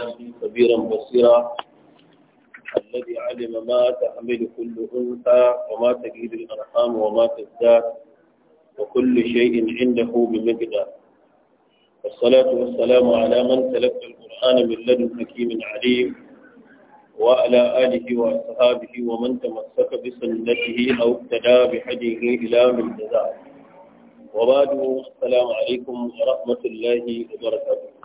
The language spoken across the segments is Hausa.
عباده كبيرا بصيرا الذي علم ما تحمل كل أنثى وما تجيد الأرحام وما تزداد وكل شيء عنده بمقدار والصلاة والسلام على من تلقى القرآن من لدن حكيم عليم وعلى آله وأصحابه ومن تمسك بسنته أو ابتدى بحديه إلى من جزاء وبعد السلام عليكم ورحمة الله وبركاته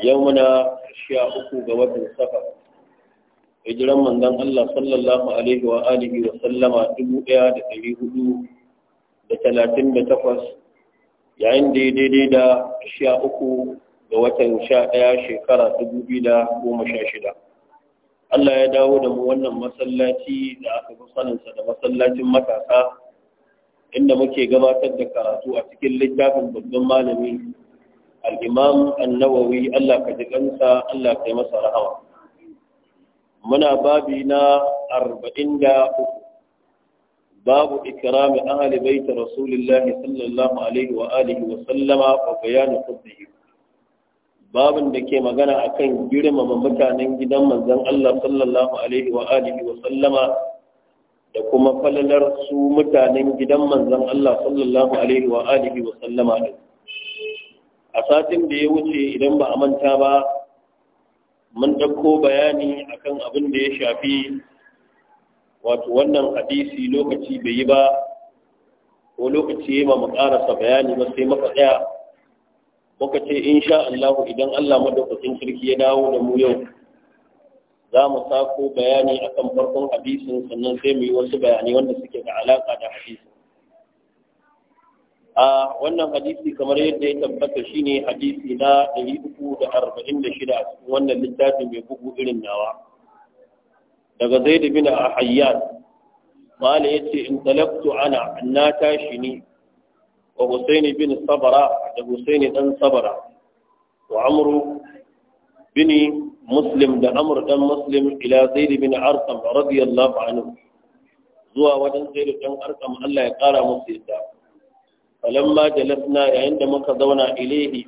yau muna sha uku ga watan safar hijiran manzon Allah sallallahu alaihi wa alihi wa sallama dubu ɗaya da ɗari hudu da talatin da takwas yayin da daidai da sha uku ga watan sha ɗaya shekara dubu biyu da goma sha shida Allah ya dawo da mu wannan masallaci da aka fi saninsa da masallacin matasa inda muke gabatar da karatu a cikin littafin babban malami al'imam annawawi Allah ka ji kansa Allah ka yi masa rahama muna babi na arba'in da uku babu ikirami ahali baita rasulillahi sallallahu alaihi wa alihi wa sallama wa bayanin fadlihi babin da ke magana a kan girmama mutanen gidan manzan Allah sallallahu alaihi wa alihi wa sallama da kuma falalar su mutanen gidan manzan Allah sallallahu alaihi wa alihi wa sallama din a satin da ya wuce idan ba a manta ba mun ɗauko bayani akan abin da ya shafi wato wannan hadisi lokaci bai yi ba ko lokaci ya ma mu ƙarasa bayani ba sai maka tsaya muka ce insha Allah idan Allah madaukakin sarki ya dawo da mu yau za mu sako bayani akan farkon hadisin sannan sai mu yi wasu bayanai wanda suke da alaƙa da hadisin a wannan hadisi kamar yadda ya tabbata shine hadisi na 346 a cikin wannan littafin mai bugu irin nawa daga Zaidu bin ahayyan mala yace in talabtu ana na tashi ne wa husaini bin sabara da husaini dan sabara wa amru bin muslim da amr dan muslim ila Zaidu bin arqam radiyallahu anhu zuwa wajen Zaidu dan arqam Allah ya kara musu yadda falamma jalasna yayin da muka zauna ilaihi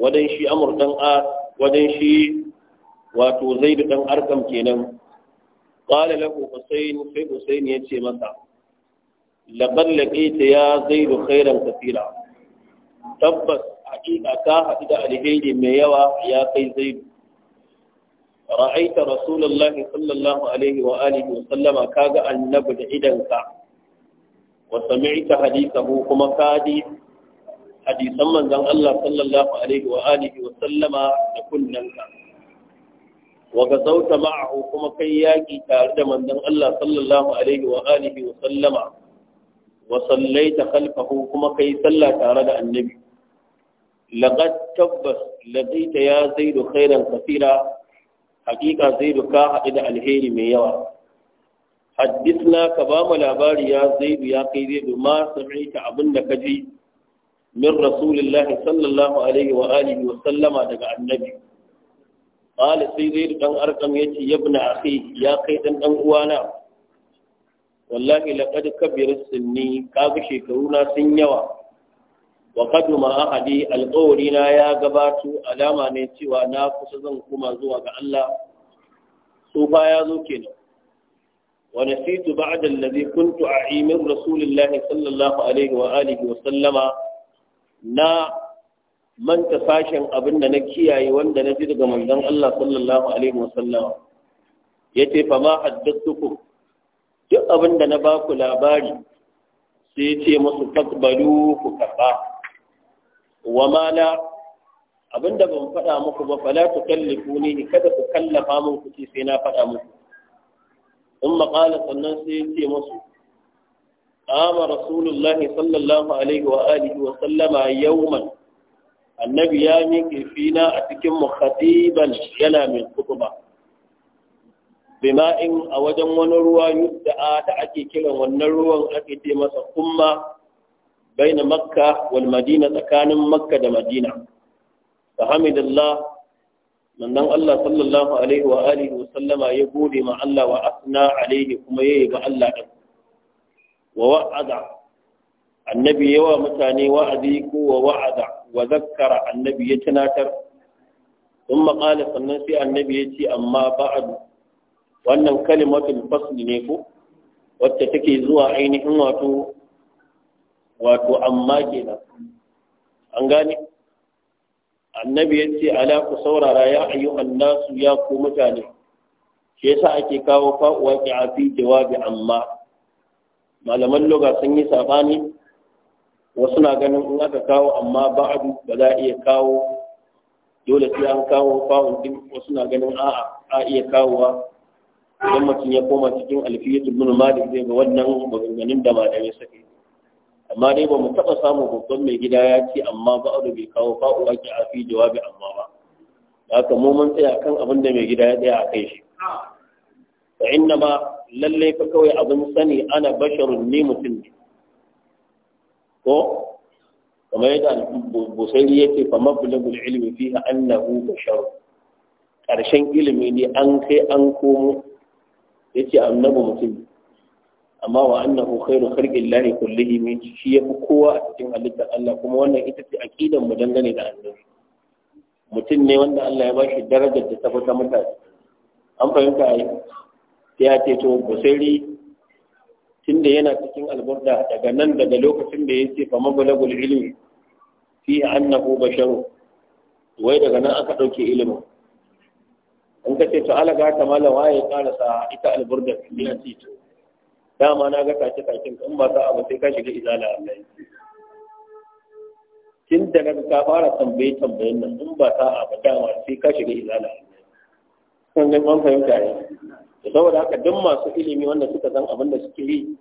wadan shi amur dan a wadan shi wato zaidu dan arkam kenan qala lahu husayn sai husayn ya ce masa laqad laqita ya zaidu khairan kathira tabbas hakika ka haɗu da alheri mai yawa ya kai zaidu ra'aita rasulullahi sallallahu alaihi wa alihi wa sallama kaga annabi da idanka wa sami'ta hadithahu kuma kadi hadisan manzon Allah sallallahu alaihi wa sallama da kunnanka wa gazauta ma'ahu kuma kai yaki tare da manzon Allah sallallahu alaihi wa alihi wa sallama wa kuma kai sallah tare da annabi laqad tabbas laqita ya zaidu khairan da alheri mai yawa haddisna ka ba mu labari ya zaidu ya kai zaidu ma sami'ta abin da ka ji min rasulillahi sallallahu alaihi wa alihi wa sallama daga annabi qala sai zaidu dan arkam yace yabna kai ya kai ɗan ɗan uwana wallahi laqad kabira sinni kaga shekaru na sun yawa wa kaduma ahadi alƙawari na ya gabato alama ne cewa na kusa zan kuma zuwa ga Allah tsufa ya zo kenan ونسيت بعد الذي كنت أعي من رسول الله صلى الله عليه وآله وسلم نا من تفاشن أبن نكي أي وند نزيد من دم الله صلى الله عليه وسلم يتي فما حدثتكم duk abin na ba ku labari sai ce musu takbalu ku karɓa wa mala abin da ban faɗa muku ba fala tu kallafu ne kada ku kallafa min ku ce sai na faɗa muku in maƙala sannan sai ya ce masu ƙama rasulullahi sallallahu alaihi wa alihi yauman annabi ya miƙe fina a cikin mu yana mai kutuba bima'in a wajen wani ruwa yudda da ake kiran wannan ruwan ake ce masa kuma baina makka wal tsakanin makka da madina fa hamidallah manzon Allah sallallahu alaihi wa alihi wa sallama ya gode ma Allah wa asna alaihi kuma yayi ga Allah din wa wa'ada annabi yawa mutane wa'azi ko wa wa'ada wa zakkara annabi ya tunatar ثم قال sannan sai annabi ya ce amma ba'adu wannan kalimatul fasl ne ko wacce take zuwa ainihin wato wato amma an gane annabi ya ce ala ku saurara ya ayi nasu ya ku mutane shi yasa ake kawo fa ki afi jawabi amma malaman loga sun yi sabani wasu na ganin in aka kawo amma ba'adu ba za a iya kawo dole sai an kawo fa'un din wasu na ganin a'a a iya kawowa idan mutum ya koma cikin alfiyatul bin malik zai ga wannan maganganun da malamai suke amma dai ba mu taɓa samun babban mai gida ya ce amma ba bai kawo fa'u ki a fi jawabi amma ba da haka mu mun tsaya kan abin da mai gida ya tsaya a kai shi fa inna ma lalle fa kawai abin sani ana basharun ni mutum ne ko kamar yadda busairi ya ce fa mablagul ilmi fiha annahu basharun ƙarshen ilimi ne an kai an komo ya ce annabi mutum amma wa annahu khairu khalqillahi kullihi min shi fi kowa a cikin halittar Allah kuma wannan ita ce aqidan mu dangane da annabi mutum ne wanda Allah ya bashi darajar da tafi ta mutane an fahimta ai sai ya ce to busairi tunda yana cikin alburda daga nan daga lokacin da ya ce fa ilmi fi annahu basharu wai daga nan aka dauke ilimin in ka ce to alaga ta malam waye karasa ita alburda ya ce to dama na ga kace kakin in ba a ba sai ka shiga izala Allah kin daga ka fara tambaye tambayen nan in ba a ba dama sai ka shiga izala kun ga ban fahimta ne saboda haka duk masu ilimi wanda suka san abin da suke yi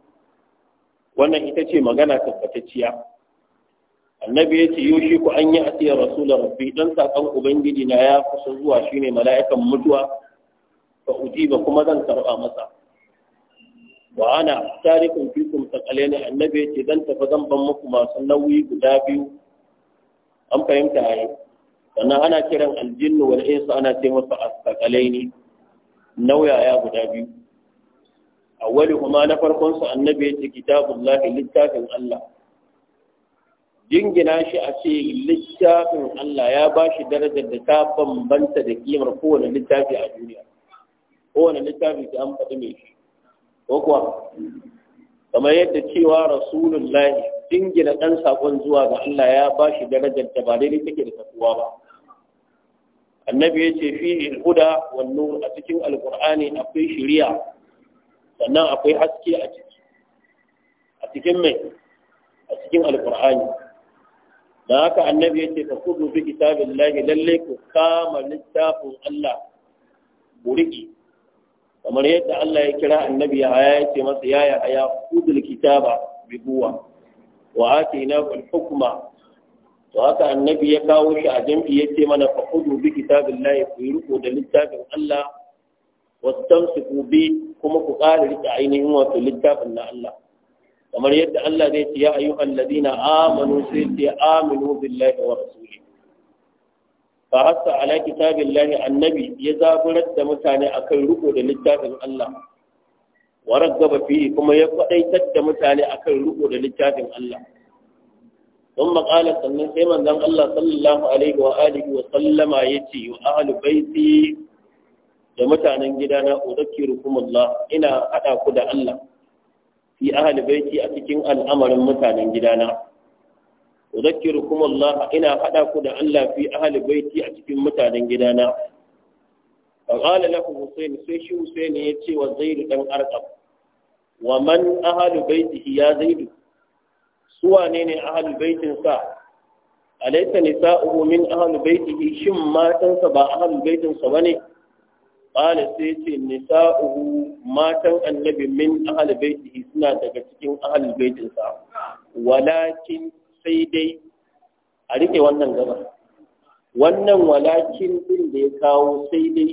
wannan ita ce magana tabbatacciya annabi ya ce yoshi ku an yi asiyar rasulun rabbi dan saƙon ubangiji na ya kusa zuwa shine mala'ikan mutuwa fa ujiba kuma zan karɓa masa wa ana tarikun fikum takale ne annabi yace zan tafi zan ban muku masu nauyi guda biyu an fahimta yi. sannan ana kiran aljinnu wal insu ana ce masa astaqalaini nauyaya guda biyu A wani kuma na farkon su annabi yace kitabullahi littafin Allah jingina shi a ce littafin Allah ya ba shi darajar da ta bambanta da kimar kowane littafi a duniya kowane littafi ta an faɗi mai shi ko kuwa kamar yadda cewa rasulullahi dingina ɗan saƙon zuwa ga Allah ya ba shi darajar da ba daidai take da kasuwa ba annabi ya ce fi ilhuda wan nur a cikin alqur'ani akwai shiriya sannan akwai haske a ciki a cikin mai a cikin alqur'ani da haka annabi ya ce ka kudu bi kitabillahi lallai ku kama littafin Allah ku riƙe kamar yadda Allah ya kira annabi ya haya ya ce masa ya ya haya kudul kitaba bi buwa wa na al-hukma to haka annabi ya kawo shi a jam'i ya ce mana fa kudu bi kitabillahi ku yi riko da littafin Allah ku bi kuma ku ƙara rike ainihin wato littafin na Allah kamar yadda Allah zai ce ya ayyuhal ladina amanu sai ce aminu billahi wa rasuli ba hasa ala lahi annabi ya zaburar da mutane akan riko da littafin Allah warar gaba fiye kuma ya kwadaitar da mutane akan riko da littafin Allah Don makalar sannan sai manzan Allah sallallahu alaihi wa alihi wa sallama ya yace wa ahlu baiti da mutanen gidana udhakkirukum Allah ina hada ku da Allah fi ahli baiti a cikin al'amarin mutanen gidana udhakkirukum Allah ina hada ku da Allah fi ahli baiti a cikin mutanen gidana فقال له حسين سي شي حسين يتي وزيد دان أرقم ومن أهل بيته يا زيد سوى نين أهل بيت سا أليس نساؤه من أهل بيته شم ما تنسى با أهل بيت سواني قال سيتي نساؤه ما تن النبي من أهل بيته سنة تكتكين أهل بيت سا ولكن sai dai a rike wannan gaba wannan walakin din da ya kawo sai dai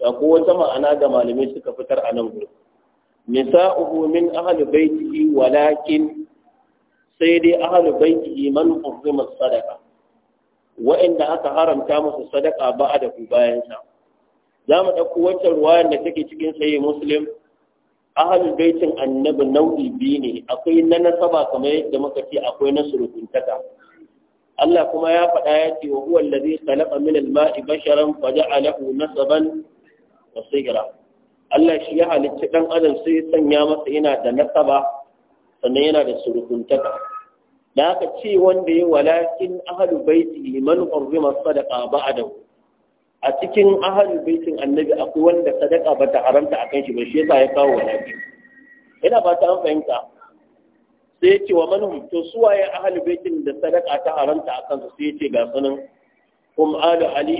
da ko wata ma'ana da malamai suka fitar a nan gudu nisa'uhu min ahli baitihi walakin sai dai ahli baitihi man hurrima sadaqa wa'inda aka haramta musu sadaqa ba da ku bayan sa za mu ɗauko wacce ruwayan da take cikin sayi muslim ahalul baitin annabi nau'i biyu ne akwai na nasaba kamar yadda muka ce akwai na surukuntaka Allah kuma ya faɗa ya ce wa huwa allazi khalaqa min al-ma'i basharan fa ja'alahu nasaban wa sigra Allah shi ya halicci dan adam sai sanya masa yana da nasaba sannan yana da surukuntaka da aka ce wanda ya walakin ahalul baiti man urrima sadaqa ba'dahu a cikin ahalin baitin annabi akwai wanda sadaka ba ta haramta akan shi ba shi yasa ya kawo wani biyu ina ba ta an fahimta sai ya ce wa manhum to su waye baitin da sadaka ta haramta akan su sai ya ce ga sunan kum Ali ali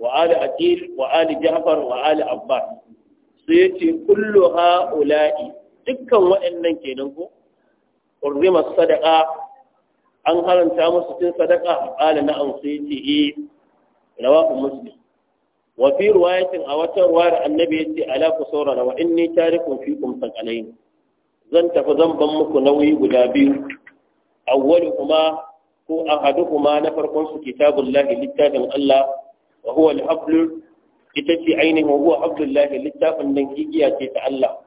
wa Ali atil wa Ali jafar wa Ali abbas sai ya ce kullu ha'ula'i dukkan waɗannan kenan ko urzima sadaka an haramta musu cin sadaka qala na'am sai ya ce eh rawahu muslim wa fi riwayatin a wata ruwayar annabi yace ala ku saurara wa inni tarikun fikum thaqalain zan tafi zan muku nauyi guda biyu awwaluhuma ko kuma na farkon su kitabullahi littafin Allah wa huwa al ita ce ainihin huwa abdullahi littafin nan igiya ce ta Allah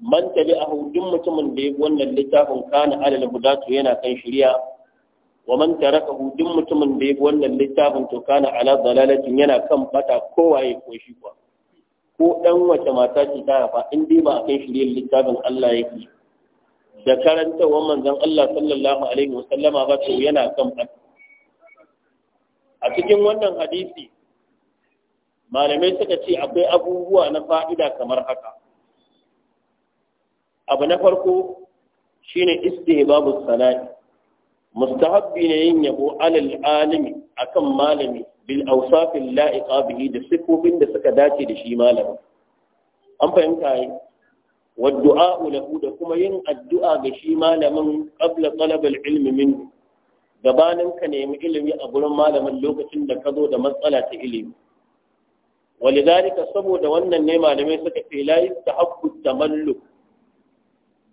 man tabi'ahu duk mutumin da ya wannan littafin kana alal hudatu yana kan shari'a wa man tarakahu duk mutumin da ya wannan littafin to kana ala dalalatin yana kan bata kowaye ko shi kuwa ko dan wace mata ce ta fa, in dai ba kai shirye littafin Allah yake da karanta wa manzon Allah sallallahu alaihi wasallama ba to yana kan fata a cikin wannan hadisi malamai suka ce akwai abubuwa na fa'ida kamar haka abu na farko shine istihbabus sana'i mustahabbi ne yin yabo alal alimi akan malami bil awsafin la'iqa bihi da sifofin da suka dace da shi malamin an fahimta yi du'a lahu da kuma yin addu'a ga shi malamin qabla talab al-ilmi min gabanin ka nemi ilimi a gurin malamin lokacin da ka zo da matsala ta ilimi walidhalika saboda wannan ne malamai suka fi la yastahabbu tamalluk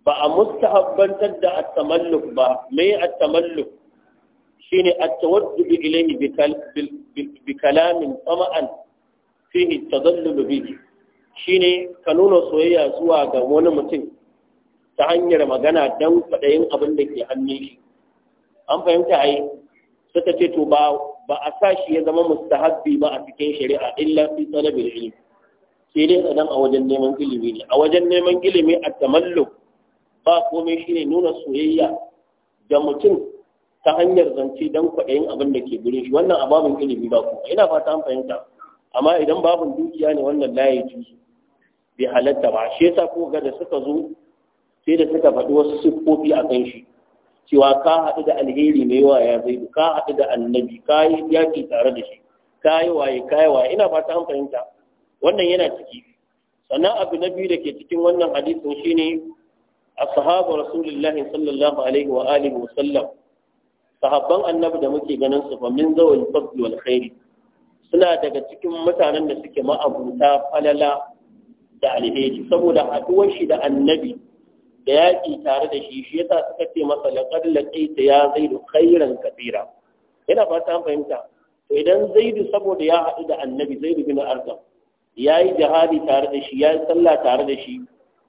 ba a mustahabbantar da at-tamalluk ba me at-tamalluk shine at-tawaddu ilayhi bi kalamin tama'an fihi tadallul bihi shine ka nuna soyayya zuwa ga wani mutum ta hanyar magana don faɗayin abin da ke hannun shi an fahimta ai suka ce to ba a sa shi ya zama mustahabbi ba a cikin shari'a illa fi talabil ilmi sai dai a wajen neman ilimi ne a wajen neman ilimi a tamalluk ba komai shi ne nuna soyayya da mutum ta hanyar zance don kwaɗayin abin da ke gurin shi wannan ababin ilimi ba kuma ina fata an fahimta amma idan babin dukiya ne wannan layi ji bai halatta ba shi yasa ko ga da suka zo sai da suka faɗi wasu siffofi a kan shi cewa ka haɗu da alheri mai yawa ya zai ka haɗu da annabi ka yi yaƙi tare da shi ka yi waye ka yi waye ina fata an fahimta wannan yana ciki sannan abu na biyu da ke cikin wannan hadisin shine ashabu rasulillahi sallallahu alaihi wa alihi wa sallam sahabban annabi da muke ganin su fa min zawal fadl wal khair suna daga cikin mutanen da suke ma'abuta falala da alheri saboda haduwar shi da annabi da yaƙi tare da shi shi yasa suka ce masa laqad laqaita ya zaidu khairan kabira ina fata fahimta to idan zaidu saboda ya haɗu da annabi zaidu bin arzam ya yi jihadi tare da shi ya yi sallah tare da shi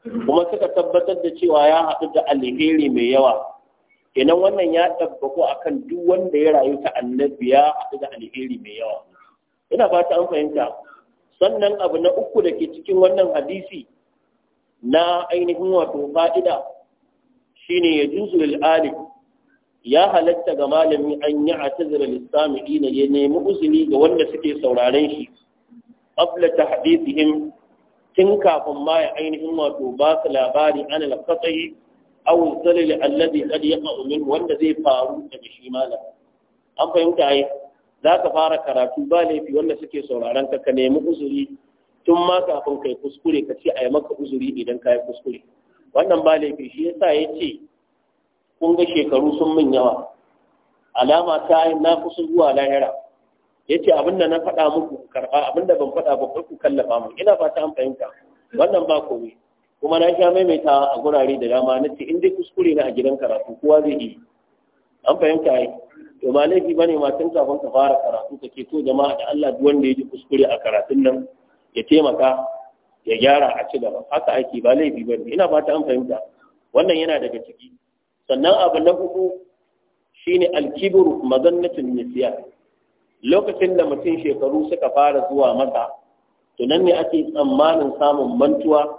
kuma suka tabbatar da cewa ya haɗu da alheri mai yawa kenan wannan ya tabbako kan duk wanda ya rayu ta annabi ya haɗu da alheri mai yawa ina ba ta an fahimta sannan abu na uku da ke cikin wannan hadisi na ainihin wato fa'ida shine ya juzu lil'alif ya halatta ga malami an yi a tazara lissami'ina ya nemi uzuri ga wanda suke sauraren shi qabla tahdithihim tun kafin ma ya ainihin wato ba su labari ana lafasai awul zalili allazi qad yaqa'u min wanda zai faru daga shi malam an fahimta ai za ka fara karatu ba laifi wanda suke sauraron ka ka nemi uzuri tun ma kafin kai kuskure ka ce a yi maka uzuri idan ka yi kuskure wannan ba laifi shi yasa ya ce kun ga shekaru sun min yawa alama ta yi na kusa zuwa lahira ya ce abinda na faɗa muku karɓa abinda ban faɗa ba ku kallafa mu ina fata an fahimta wannan ba komai kuma na sha maimaita a gurare da dama na ce in dai kuskure na a gidan karatu kowa zai yi an fahimta yi to ba laifi bane ma tun kafin ka fara karatu ka ke to jama'a da Allah duk wanda ya ji kuskure a karatun nan ya taimaka ya gyara a ci gaba haka ake ba laifi bane ina fata an fahimta wannan yana daga ciki sannan abu na hudu shine alkibru mazannatul nisyan lokacin da mutum shekaru suka fara zuwa mata to nan ne ake tsammanin samun mantuwa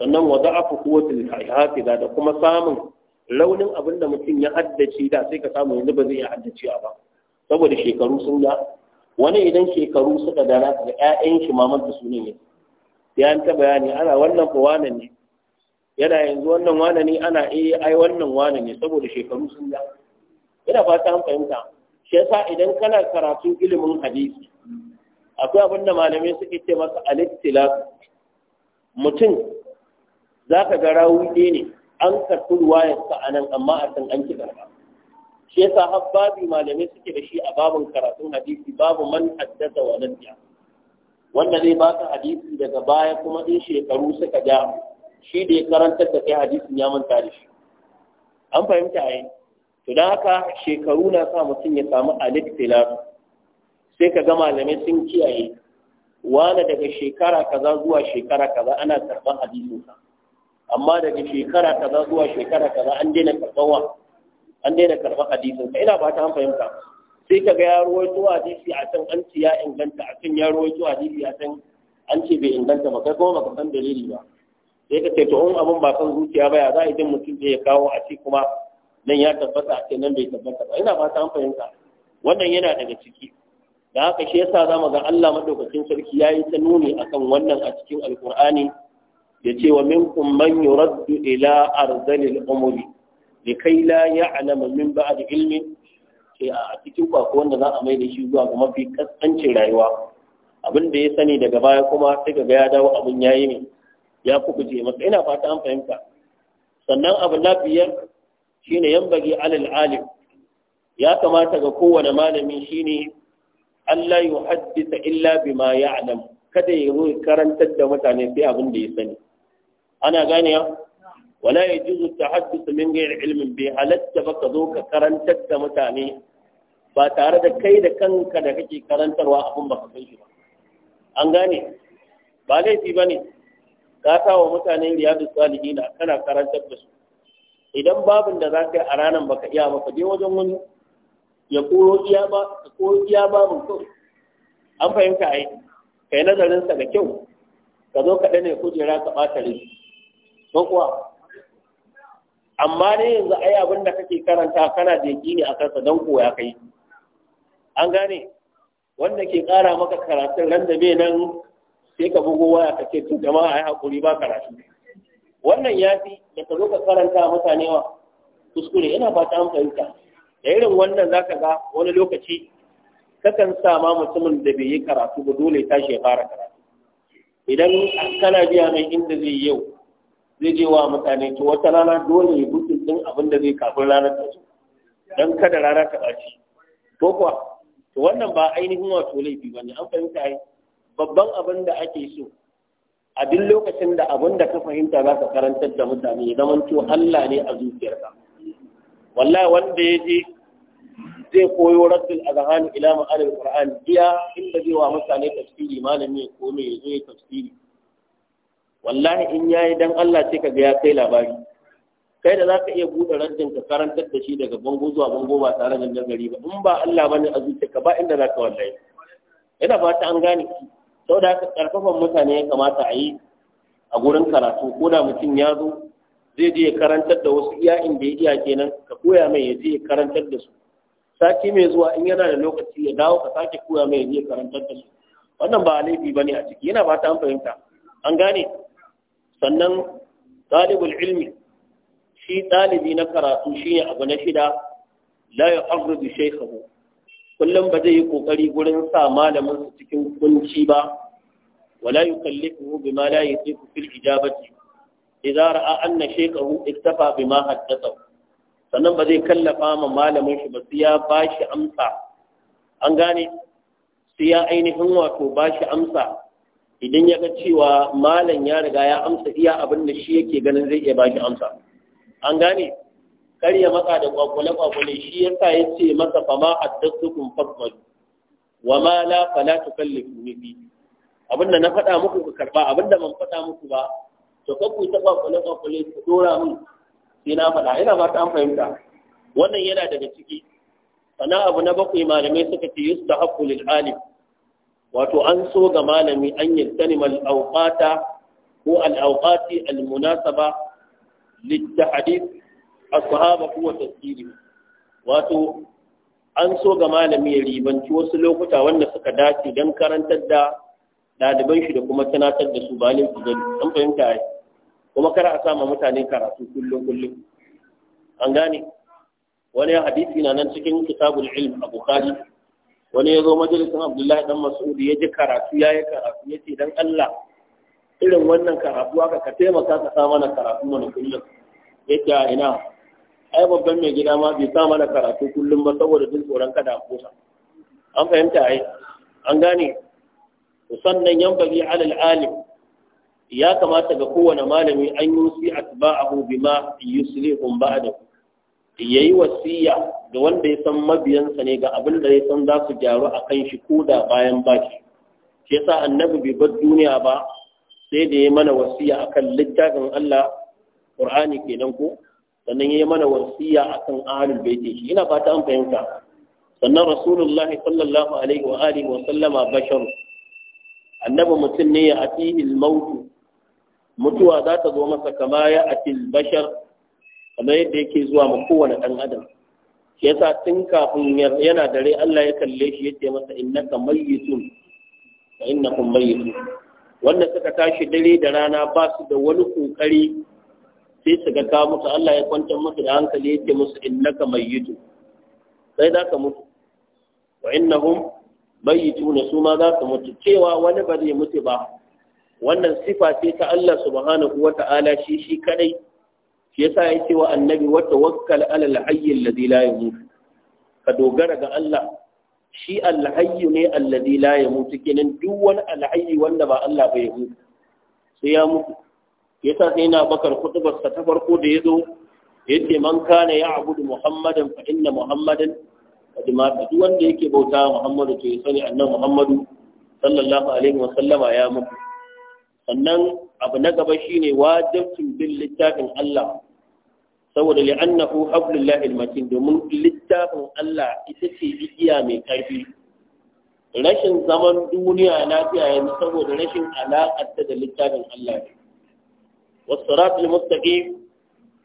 sannan wa da'afu quwwatul hafiza da kuma samun launin abin da mutum ya haddace da sai ka samu yanzu ba zai iya haddace ba saboda shekaru sun ga wani idan shekaru suka dara ga ƴaƴan shi mamar da sunan ne sai an ta bayani ana wannan ko wannan ne yana yanzu wannan wannan ne ana eh ai wannan wannan ne saboda shekaru sun ga ina fata an fahimta shi yasa idan kana karatun ilimin hadisi akwai abin da malamai suke ce masa alittilaf mutum za ka ga rawu ne an karɓi ruwayarsa a nan amma a san an ki karɓa shi yasa har malamai suke da shi a babin karatun hadisi babu man haddasa wa nadiya wanda zai baka hadisi daga baya kuma in shekaru suka ja shi da ya karanta da kai hadisin ya manta da shi an fahimta yayin to haka shekaru na sa mutum ya samu aliktilafu sai ka ga malamai sun kiyaye wane daga shekara kaza zuwa shekara kaza ana karɓar hadisinsa amma daga shekara kaza zuwa shekara kaza an daina karɓarwa an daina karɓar hadisinsa ina ba ta fahimta sai ka ga ya rawaito hadisi a can an ce ya inganta a can ya rawaito hadisi a can an ce bai inganta ba kai kuma baka san dalili ba sai ka ce to in abin ba kan zuciya ba ya za a idan mutum ya kawo a ce kuma nan ya tabbata a nan bai tabbata ba ina fata ta fahimta wannan yana daga ciki da haka shi yasa zamu ga Allah madaukakin sarki yayi ta nuni akan wannan a cikin alqur'ani ya ce wa minkum man yuraddu ila arzalil umuri likai la ya'lamu min ba'd ilmi ce a cikin kwako wanda za a mai da shi zuwa ga mafi kasancin rayuwa abin da ya sani daga baya kuma sai ga ya dawo abin yayi ne ya kuku je masa ina fata an fahimta sannan abu lafiyar shine yambagi alal alim ya kamata ga kowane malami shine Allah ya haddisa illa bima ya'lam kada ya zo karantar da mutane sai abin da ya sani ana gane wala yajuzu tahaddus min ghairi ilmin bi halatta baka zo ka karantar da mutane ba tare da kai da kanka da kake karantarwa abin baka san shi ba an gane ba laifi bane ka sa wa mutane riyadu salihin kana karantar da su idan babin da za ka yi a ranar baka iya ba je wajen wani ya koro iya ba ka koro iya babin kawai an fahimta ai ka yi nazarin sa da kyau ka zo ka dane kujera ka bata rai ko kuwa amma ne yanzu ai abin da kake karanta kana da ne a kansa don koya kai an gane wanda ke kara maka karatun randa da bai nan sai ka bugo waya ka ce to jama'a ai hakuri ba karatu wannan ya fi da ka zo ka karanta mutane kuskure ina ba ta fahimta da irin wannan za ka ga wani lokaci kakan sa ma mutumin da bai yi karatu ba dole tashi ya fara karatu idan kana biya mai inda zai yau zai je wa mutane to wata rana dole ya buɗe din abin da zai kafin ranar ta zo don kada rana ta ɓaci ko kuwa to wannan ba ainihin wato laifi ba ne an fahimta babban abin da ake so a duk lokacin da abin da ka fahimta za ka karantar da mutane ya zama to Allah ne a zuciyarka wallahi wanda ya je zai koyo a azhan ila ma'anil qur'an iya inda zai wa mutane tafsiri malami ko ya zo ya tafsiri wallahi in yayi dan Allah sai kaga ya kai labari kai da zaka iya buɗe rajin ka karantar da shi daga bango zuwa bango ba tare da nazari ba in ba Allah bane a zuciyarka ba inda zaka wallahi ina fata an gane ki sau da haka ƙarfafan mutane ya kamata a yi a gurin karatu ko da mutum ya zo zai je ya karantar da wasu iya inda ya iya kenan ka koya mai ya je ya karantar da su sati mai zuwa in yana da lokaci ya dawo ka sake koya mai ya je ya karantar da su wannan ba laifi ba ne a ciki yana ba ta an fahimta an gane sannan ɗalibul ilmi shi ɗalibi na karatu shi ne abu na shida la ya arzu bi kullum ba zai yi kokari gurin sa malamin su cikin kunci ba wala yukallifuhu bima la yatiqu fil ijabati idza ra'a anna shaykahu iktafa bima haddatha sannan ba zai kallafa ma malamin shi ba sai ya bashi amsa an gane sai ya ainihin wato bashi amsa idan ya ga cewa malam ya riga ya amsa iya abin da shi yake ganin zai iya bashi amsa an gane Karya ya matsa da kwakwale-kwakwale shi ya sa ya ce masa fama a haddasukun fasmalu wa ma la fala tukallifu ni bi abinda na faɗa muku ku karba abinda ban faɗa muku ba to kan ku ta kwakwale-kwakwale ku dora mun sai na faɗa ina ba ta fahimta wannan yana daga ciki sana abu na bakwai malamai suka ce yustahabbu lil alim wato an so ga malami an yi al awqata ko al awqati al munasaba للتحديث ashaba kuwa tasiri wato an so ga malami ya ribanci wasu lokuta wanda suka dace don karantar da ɗaliban shi da kuma tunatar da su balin su gani an fahimta yi. kuma kar a sama mutane karatu kullum kullum an gane wani hadisi na nan cikin kitabul ilm a bukari wani ya zo majalisun abdullahi dan mas'ud ya ji karatu ya yi karatu ya ce dan allah irin wannan karatu aka ka taimaka ka sa mana karatu mana kullum ya ce ina ai babban mai gida ma bai sa mana karatu kullum ba saboda jin tsoron kada a kusa an fahimta ai an gane sannan yan bagi alal alim ya kamata ga kowane malami an yi si atba'ahu bima yuslihum ba'da yayi wasiya ga wanda ya san mabiyansa ne ga abin da ya san za su gyaru a kan shi ko da bayan baki shi yasa annabi bai bar duniya ba sai da ya mana wasiya akan littafin Allah Qur'ani kenan ko sannan ya yi mana wasiya akan ahalin baiti shi ina fata an fahimta sannan rasulullahi sallallahu alaihi wa alihi wa sallama bashar annabi mutum ne ya atihi ilmautu. mutuwa za ta zo masa kama ya atil bashar kamar yadda yake zuwa ma kowane ɗan adam shi yasa tun kafin yana da rai Allah ya kalle shi ya ce masa innaka mayyitun wa innakum mayyitun wanda suka tashi dare da rana ba su da wani kokari sai su ga ka mutu Allah ya kwanta musu da hankali yake musu innaka mayyitu sai za ka mutu wa innahum mayyituna su ma za ka mutu cewa wani ba zai mutu ba wannan sifa ce ta Allah subhanahu wata'ala shi shi kadai shi yasa ya ce wa annabi wa tawakkal ala al-hayy alladhi la yamut ka dogara ga Allah shi al-hayy ne alladhi la yamut kenan duk wani al-hayy wanda ba Allah bai mutu sai ya mutu Ya sa sai na bakar kutubarsa ta farko da ya zo yace man kana ya abudu muhammadan fa inna muhammadan qad mata duk wanda yake bauta muhammadu to ya sani annan muhammadu sallallahu alaihi wa sallama ya mutu sannan abu na gaba shine wajibcin bin littafin Allah saboda li'annahu hablullahi almatin domin littafin Allah ita ce igiya mai karfi rashin zaman duniya na lafiya yanzu saboda rashin alaƙar da littafin Allah ne والصراط المستقيم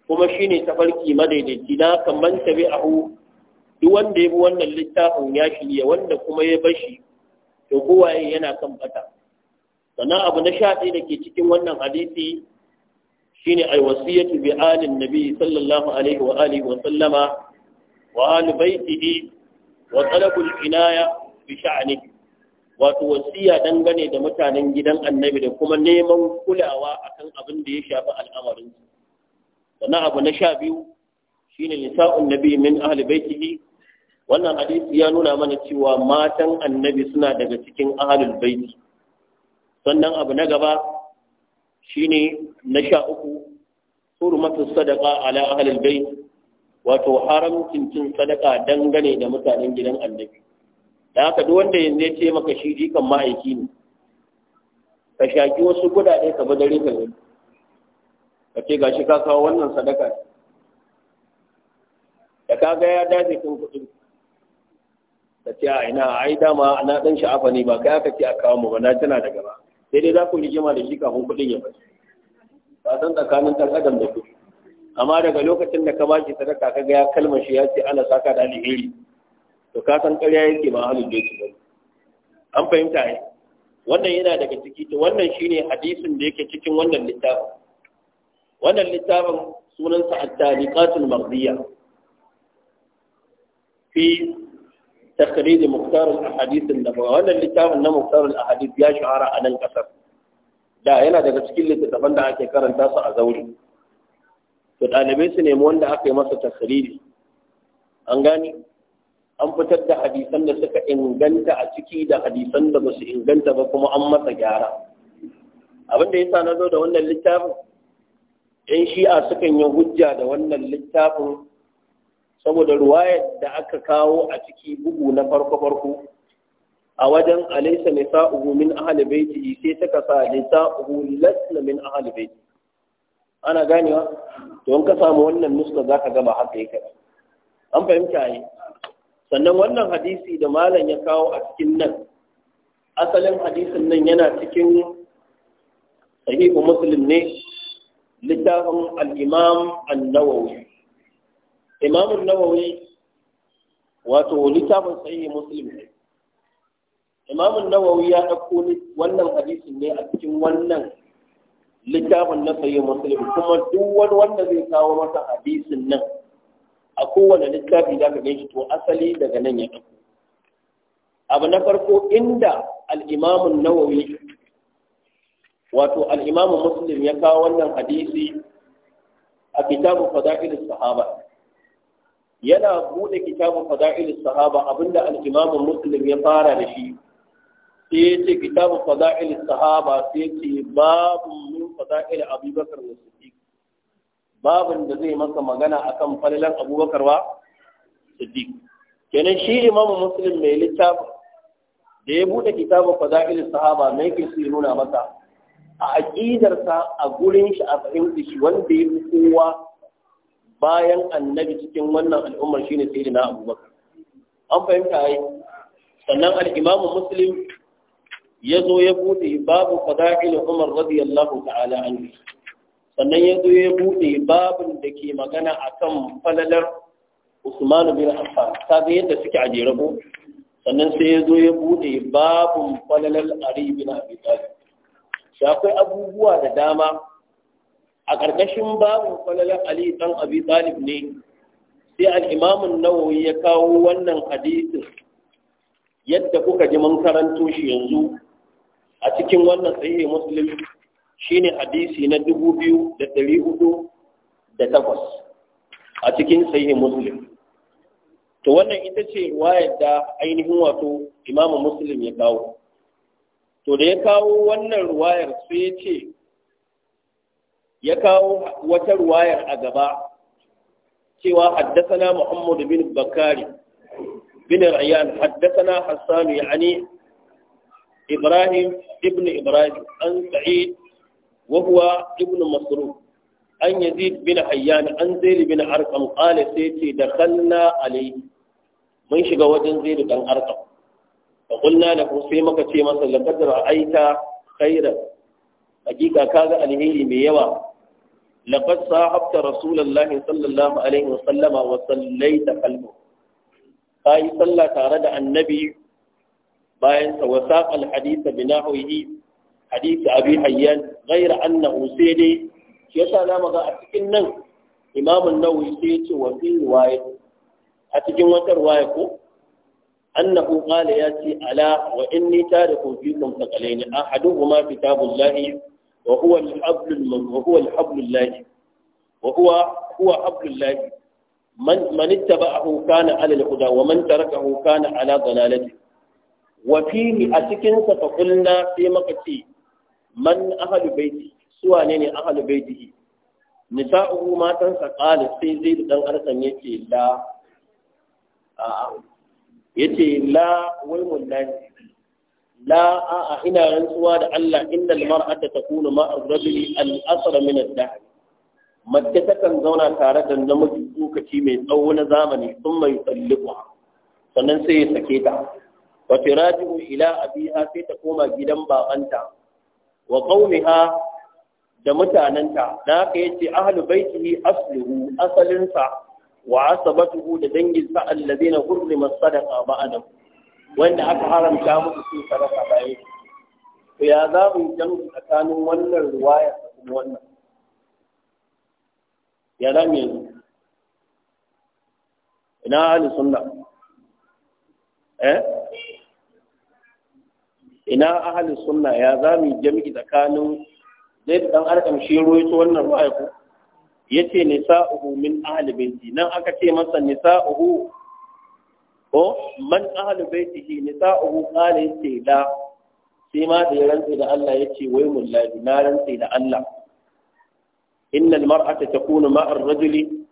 kuma shine tafarki madaidaici na kan man tabi'ahu duk wanda ya bi wannan littafin ya shirya wanda kuma ya bashi to kowaye yana kan bata sannan abu na sha da ke cikin wannan hadisi shine alwasiyatu bi alin nabi sallallahu alaihi wa wa sallama wa ali baitihi wa talabul inaya bi sha'nihi wato wasiya dangane da mutanen gidan annabi da kuma neman kulawa a kan abin da ya shafi al'amarin su sannan abu na sha biyu shi ne nisa'un nabi min ahli wannan hadisi ya nuna mana cewa matan annabi suna daga cikin ahlul sannan abu na gaba shi ne na sha uku hurmatu sadaka ala ahlil wato haramcin cin sadaka dangane da mutanen gidan annabi da haka duk wanda yanzu ya ce maka shi jikan ma'aiki ne ka shaki wasu kudade ka badare ka gani ka ce gashi ka kawo wannan sadaka da ka ya dace kan kuɗin ka ce a ina yi dama na ɗan sha'afa ne ba kai aka ce a kawo mu ba na tana da gaba sai dai za ku rigima da shi kafin kuɗin ya bace ba san tsakanin ɗan adam da ku amma daga lokacin da ka ba shi sadaka ka ya kalmashi ya ce ana saka da alheri to ka san ƙarya yake ba ahlul baiti ba an fahimta ai wannan yana daga ciki to wannan shine hadisin da yake cikin wannan littafin wannan littafin sunan sunansa at-taliqatul mardiyya fi تخريج مختار الاحاديث النبوي wannan littafin na muktar al-ahadith ya shahara a nan kasar da yana daga cikin littattafan da ake karanta su a zauri to ɗalibai su nemi wanda aka yi masa tasiri an gani an fitar da hadisan da suka inganta a ciki da hadisan da ba su inganta ba kuma an masa gyara abin da yasa na zo da wannan littafin yan shi'a sukan yi hujja da wannan littafin saboda ruwayar da aka kawo a ciki bugu na farko farko a wajen alaysa nisa'uhu min ahli baiti sai ta kasa nisa'uhu lasna min ahli baiti ana ganewa to in ka samu wannan nuska zaka gaba haka yake an fahimta yi sannan wannan hadisi da malam ya kawo a cikin nan asalin hadisin nan yana cikin sahihu muslim ne littafin al-imam an-nawawi imam an-nawawi wato littafin sahihu muslim ne imam an-nawawi ya dauko wannan hadisin ne a cikin wannan littafin na sahihu muslim kuma duk wani wanda zai kawo masa hadisin nan a kowane littafi za ka gaishe to asali daga nan ya ɗauko abu na farko inda al'imamun nawawi wato al'imamun musulun ya kawo wannan hadisi a kitabun fada'ilis sahaba yana buɗe kitabun fada'ilis sahaba abinda al'imamun musulun ya fara da shi sai ya ce kitabun fada'ilis sahaba sai ya ce babu mun fada'ilis abubakar wasu babin da zai maka magana akan falalan abubakar wa siddiq kenan shi imamu muslim mai littafin da ya buɗe kitabun fada'il sahaba mai ke su nuna masa a sa a gurin shi a fahimta shi wanda ya kowa bayan annabi cikin wannan al'ummar shine sayyidina abubakar an fahimta ai sannan al-imamu muslim ya zo ya bude babu fadailu umar radiyallahu ta'ala anhu sannan ya zo ya buɗe babin da ke magana a kan falalar Usman bin Affan ta ga yadda suke a jere ko sannan sai ya zo ya buɗe babin falalar Ali bin Abi shi akwai abubuwa da dama a ƙarƙashin babin falalar Ali ɗan Abi ne sai Al'imamin imam nawawi ya kawo wannan hadisin yadda kuka ji mun karanto shi yanzu a cikin wannan sahihi Muslim shine hadisi na dubu biyu da ɗari hudu da takwas a cikin sahihi muslim to wannan ita ce wayar da ainihin wato imamu muslim ya kawo to da ya kawo wannan ruwayar sai ya ce ya kawo wata ruwayar a gaba cewa haddasana muhammad bin bakari bin rayyan haddasana hassan yani ibrahim ibn ibrahim an sa'id وهو ابن مسروق أن يزيد بن حيان أن زيد بن أرقم قال سيتي دخلنا عليه من شقى وجن زيد بن أرقم فقلنا له سيمك تيما لقد رأيت خيرا حقيقة كذا الهيري بيوا لقد صاحبت رسول الله صلى الله عليه وسلم وصليت قلبه فأي صلى تارد النبي باين وساق الحديث بنحوه hadisi abi hayyan ghaira annahu sai dai shi yasa na maga a cikin nan imamun nawawi sai ya ce wa fi riwaya a cikin wata riwaya ko annahu qala ya ce ala wa inni tariku fikum thaqalain ahaduhuma kitabullahi wa huwa al-hablu wa huwa al-hablullahi wa huwa huwa hablullahi من من اتبعه كان على الهدى ومن تركه كان على ضلالته وفيه أتكن sai maka ce. man ahalu baiti suwa ne ne ahalu baiti nisa'uhu matansa qala sai zai dan arsan yace la a yace la wai mullahi la a a ina rantsuwa da Allah innal mar'ata takunu ma ar-rajuli al-asra min ad-dahr mace takan zauna tare da namiji lokaci mai tsawo na zamani sun mai tsalliwa sannan sai ya sake ta wa tiraji'u ila abiha sai ta koma gidan babanta wa qaumiha da mutananta da haka yace ahlu baitihi asluhu asalinsa wa asabatuhu da dangin sa allazina hurrima sadaqa ba'adam wanda aka haramta musu su sadaka bayan to ya za mu jamu tsakanin wannan riwaya da kuma wannan ya za mu yanzu ina ahlu sunna eh ina ahalin sunna ya za mu jami'i tsakanin zai da ɗan arkam shi roito wannan ra'ayi ya ce nisa'uhu min ahli baiti nan aka ce masa nisa'uhu ko man ahli baitihi nisa'uhu qala yace la sai ma da ya rantse da Allah yace wai mullahi na rantse da Allah innal mar'ata takunu ma'a ar-rajuli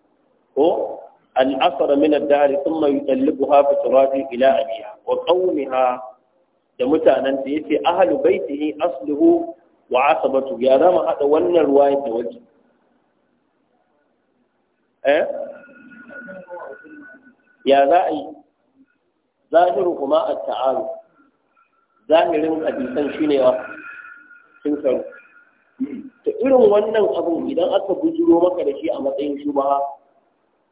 ko al-asr min ad-dar thumma yutallibuha bi turati ila abiha wa qawmiha da mutanen da yace ahlu baitihi asluhu wa asabatu ya zama hada wannan ruwaya da waje eh ya za a yi zahiru kuma at-ta'aru zahirin hadisan shine wa sun karu ta irin wannan abin idan aka bujuro maka da shi a matsayin shubaha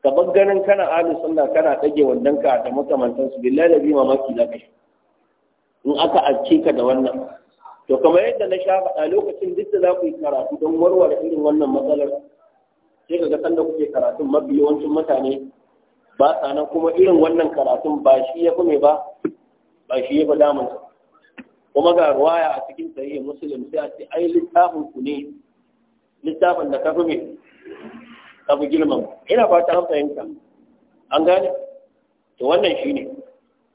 gaban ganin kana alu sallah kana dage wandanka da makamantansu billahi da bi mamaki ka shi in aka ace ka da wannan to kamar yadda na sha faɗa lokacin duk da za ku yi karatu don warware irin wannan matsalar sai ka ga sanda kuke karatun mafi yawancin mutane ba sa nan kuma irin wannan karatun ba shi ya fi ba ba shi ya fi damar kuma ga ruwaya a cikin sahihi muslim sai a ce ai littafin ku ne littafin da ka fi mai ka fi girman fata an fahimta an gane to wannan shine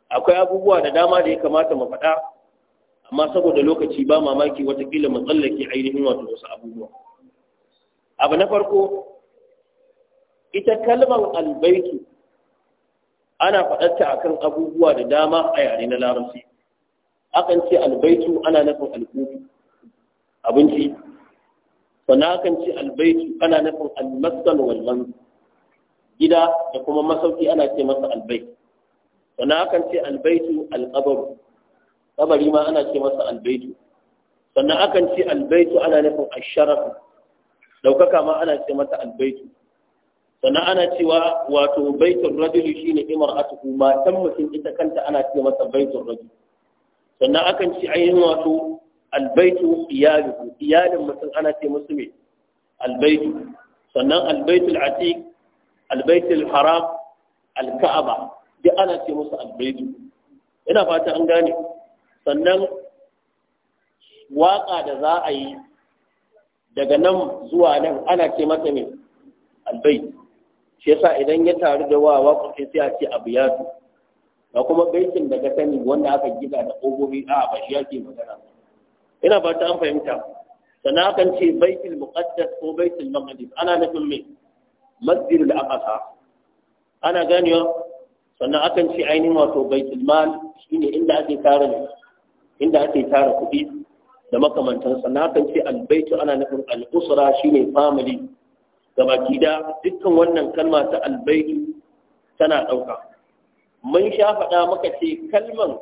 akwai abubuwa da dama da ya kamata mu faɗa amma saboda lokaci ba mamaki watakila mu tsallake ainihin wato wasu abubuwa abu na farko ita kalmar albaitu ana faɗarta akan abubuwa da dama a yare na larabci akan ce albaitu ana nufin alkutu abinci sannan akan ce albaitu ana nufin almaskan walman gida da kuma masauki ana ce masa albai sannan akan ce albaitu alƙabaru kabari ma ana ce masa albaitu sannan akan ce albaitu ana nufin asharaf ɗaukaka ma ana ce masa albaitu sannan ana cewa wato baitun rajuli shine imra'atuhu matan mutum ita kanta ana ce masa baitun rajul sannan akan ci ainihin wato albaitu iyaluhu iyalin mutum ana ce musu me albaitu sannan albaitul atiq albaitul haram alka'aba da ana ce musu albaidu ina fata an gane sannan waƙa da za a yi daga nan zuwa nan ana ce mata ne albai shi yasa idan ya taru da wa ce sai a ce abu ya su da kuma baitin daga sani wanda aka gida da ogobi a ba shi yake magana ina fata an fahimta sannan akan ce baitin muqaddas ko baitin maqdis ana nufin mai masjidul aqsa ana ganewa sannan akan ce ainihin wato baitul shi shine inda ake tara inda ake tara kuɗi da makamantan sannan akan ce albaitu ana nufin al'usra ne family baki da dukkan wannan kalma ta albaitu tana ɗauka mun sha faɗa maka ce kalman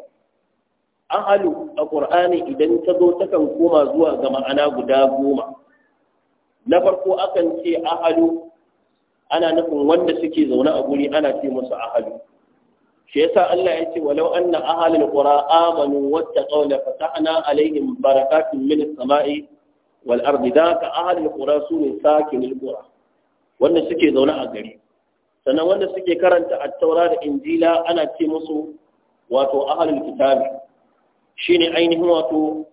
ahalu a ƙur'ani idan ta zo takan koma zuwa ga ma'ana guda goma na farko akan ce ahalu ana nufin wanda suke zaune a guri ana ce musu ahalu shi yasa Allah ya ce walau anna ahlul qura amanu wattaqaw la fatahna alaihim barakatun min as-sama'i wal ardi da ka ahlul qura sune sakinul qura wanda suke zaune a gari sannan wanda suke karanta attaura da injila ana ce musu wato ahlul kitabi shine ainihin wato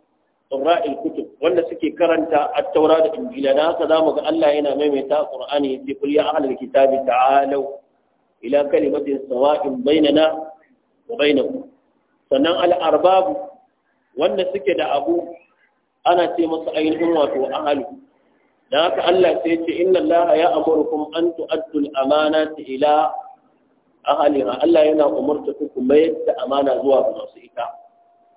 qura'il kutub wanda suke karanta at-taura da injila da haka zamu ga Allah yana maimaita qur'ani bi kulli ahlil kitabi ta'alu ila kalimatin sawa'in bainana wa bainakum sannan al'arbabu wanda suke da abu ana ce masu ainihin wato ahalu da haka Allah sai ce inna Allah ya amurkum an tu'addu al-amanati ila ahliha Allah yana umarta ku kuma yadda amana zuwa ga masu ita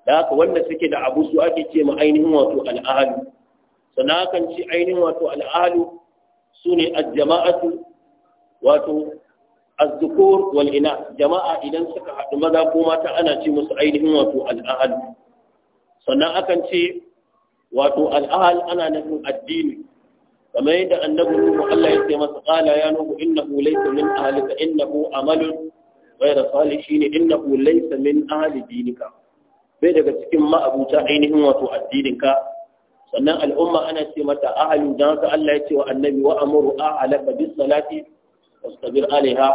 da haka wanda suke da abu su ake ce ma ainihin wato al-ahlu sannan kan ci ainihin wato al-ahlu sune al-jama'atu wato az-zukur wal ina jama'a idan suka haɗu maza ko mata ana ce musu ainihin wato al sannan akan ce wato al ana nufin addini kamar yadda annabi Nuhu Allah ya ce masa qala ya nuhu innahu laysa min ahlika innahu amalun ghayra salih shine innahu laysa min ahli dinika bai daga cikin ma'abuta ainihin wato addininka sannan al'umma ana ce mata ahalu dan haka Allah ya ce wa annabi wa amuru ahlaka bis salati fastabir alaiha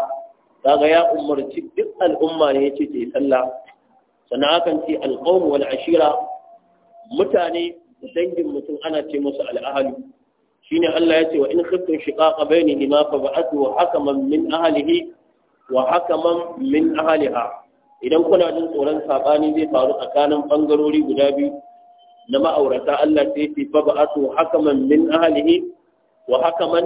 kaga ya umarci duk al'umma ne yace ta sallah sannan akan ce alqawm wal ashira mutane dangin mutum ana ce musu al'ahalu shine Allah yace wa in khiftum shiqaqa bainihima fa ba'athu hakaman min ahlihi wa hakaman min ahliha idan kuna jin tsoron sabani zai faru tsakanin bangarori guda biyu na ma'aurata Allah sai ce fa ba'atu hakaman min ahlihi wa hakaman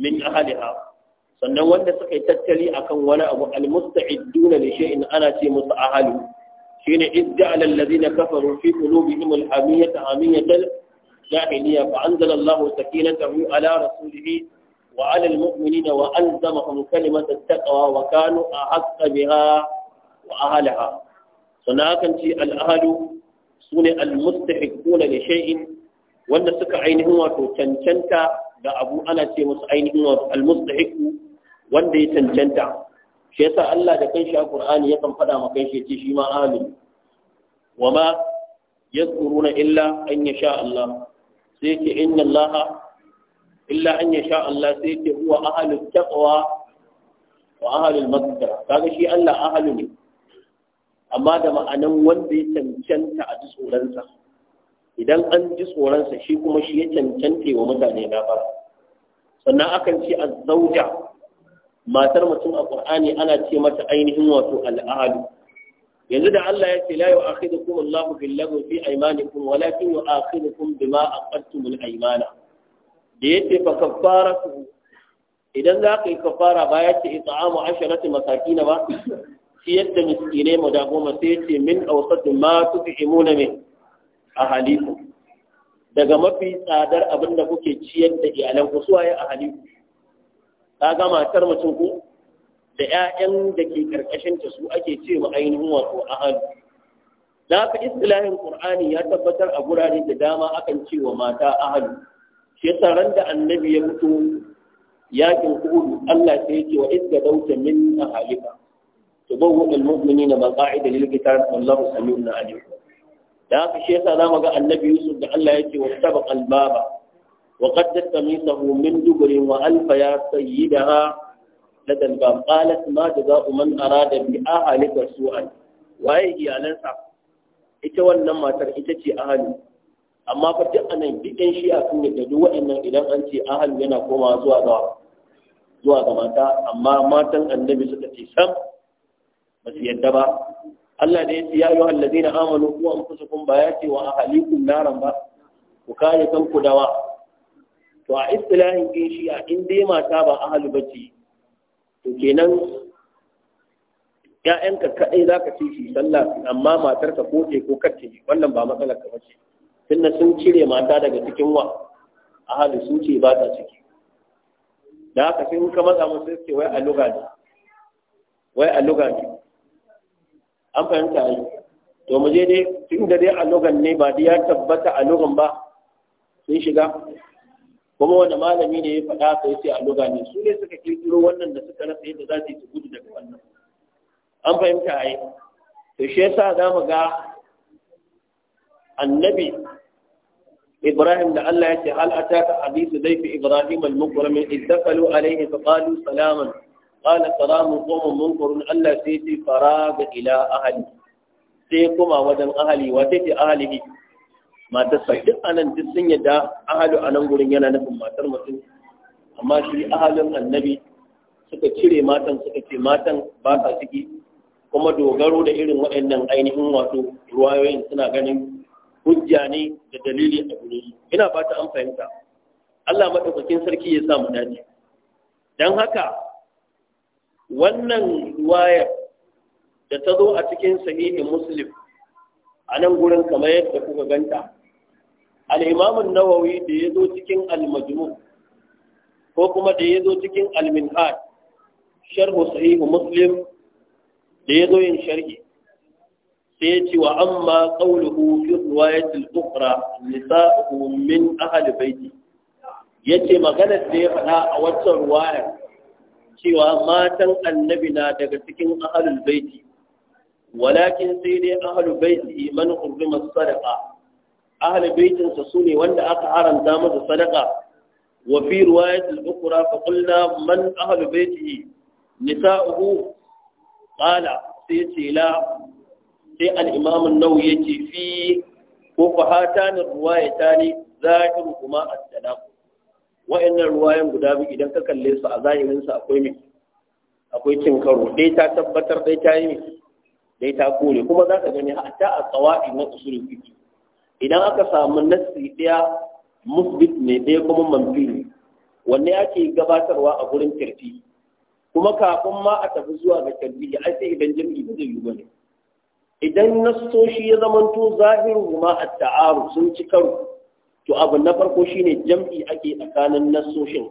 min ahliha sannan wanda suka yi tattali akan wani abu almusta'iduna li shay'in ana ce musu ahalu shine idda alladhina kafaru fi ta alhamiyata ta jahiliya fa anzala Allahu sakinatahu ala rasulihi wa ala almu'minina wa zama kalimat at-taqwa wa kanu ahqqa biha wa ahliha sannan kan ce al-ahlu sune almustahiquna li shay'in wanda suka ainihin wato cancanta da abu ana ce musu ainihin wato wanda ya cancanta shi yasa Allah da kanshi a Qur'ani yakan fada ma kanshi ce shi ma amin wa ma yadhkuruna illa an yasha Allah sai yake inna Allah illa an yasha Allah sai yake huwa ahlul taqwa wa ahlul maghfira kaga shi Allah ahlu ne amma da ma'anan wanda ya cancanta a ji tsoronsa idan an ji tsoronsa shi kuma shi ya cancanta wa mutane gafara sannan akan ce azzauja matar mutum a qur'ani ana ce mata ainihin wato al'adu yanzu da Allah ya ce la yu'akhidukum Allahu bil lagwi fi aymanikum walakin yu'akhidukum bima aqadtumul aymana da yace fa kaffaratu idan za ka yi kafara ba ya ce ita'amu asharati masakina ba shi yadda miskine mu da goma sai ya ce min awsat ma tut'imuna min ahalikum daga mafi tsadar abin da kuke ciyar da iyalan ku suwaye ahalikum ka ga matar mutum ku? da ƴaƴan da ke karkashin ta su ake ce ma ainihin wato ahal da fi istilahin qur'ani ya tabbatar a gurare da dama akan ce wa mata ahal shi yasa ran da annabi ya fito yakin uhud Allah sai ya ce wa idda dauta min ahalika تبوء المؤمنين مقاعد للقتال والله سميع عليم da haka shi yasa zamu ga annabi Yusuf da Allah yake wa sabaq albaba وقدت قميصه من دبر وألف يا سيدها لدى الباب قالت ما جزاء من أراد بأهلك سوءا waye iyalansa ita wannan matar ita ce ahalu amma fa anan bidan shi a sun yadda duk idan an ce ahalu yana komawa zuwa ga mata amma matan annabi suka ce sam ba su yadda ba Allah da ya siya ya ayyuhal amanu ku anfusukum ba ce wa ahalikum naran ba ku kare kanku dawa to a istilahin din shi a in dai mata ba ahalu bacci, to kenan ‘ya'yanka kaɗai za ka ce shi sallah amma matar ka koce ko kacce wannan ba matsalar ka bace na sun cire mata daga cikin wa ahalu su ce ba ta ciki da haka sai muka matsa musu suke wai a luga wai a luga an fahimta yi to mu je dai tun da dai a lugan ne ba dai ya tabbata a lugan ba sun shiga kuma wanda malami ne ya faɗa ka yace a luga ne su ne suka kirkiro wannan da suka rasa yadda za su yi gudu daga wannan an fahimta ai to shi yasa za mu ga annabi ibrahim da Allah ya ce hal ataka hadithu dayfi ibrahim al-mukarram iddakalu alayhi fa qalu salaman qala salamun qawmun munkarun Allah sai ya faraga ila ahli sai kuma wajen ahli wa sai ce ahlihi sa duk anan duk sun yadda ahalu a nan gurin yana nufin matar mutum amma shi ahalin annabi suka cire matan suka ce matan ba sa ciki kuma dogaro da irin waɗannan ainihin wato ruwayoyin suna ganin hujja ne da dalili a gure shi ina fata an fahimta Allah madaukakin sarki ya sa mu dace dan haka wannan ruwaya da ta zo a cikin sahihin muslim a nan gurin kamar yadda kuka ganta al'imamun nawawi da ya zo cikin al ko kuma da ya zo cikin al-minhaj sharhu sahihu muslim da ya zo yin sharhi sai ya ce wa amma qawluhu fi riwayatil ukhra nisa'u min ahli baiti yace maganar da ya faɗa a waccan riwayar cewa matan annabi na daga cikin ahlul baiti walakin sai dai ahlul baiti man hurrimat sadaqa ahli baitinsa su ne wanda aka haramta masa sadaka wa fi riwayat al-ukhra fa qulna man ahli baitihi nisa'uhu qala sai ce la sai al-imam an-nawawi yace fi ko fa riwayatani zahiru kuma at-talaq inna riwayan guda biyu idan ka kalle su a zahirin su akwai mi akwai cin karo dai ta tabbatar dai ta yi dai ta kore kuma za ka gani hatta a tsawa'i na usulul fiqh idan aka samu nassi ɗaya musbit ne ɗaya kuma manfi wanne ake gabatarwa a gurin kirfi kuma kafin ma a tafi zuwa ga kirfi ya ai idan jami'i ba zai yi bane idan nassoshi ya zamanto zahiru ma a taaru sun ci karo to abu na farko shine jam'i ake tsakanin nassoshin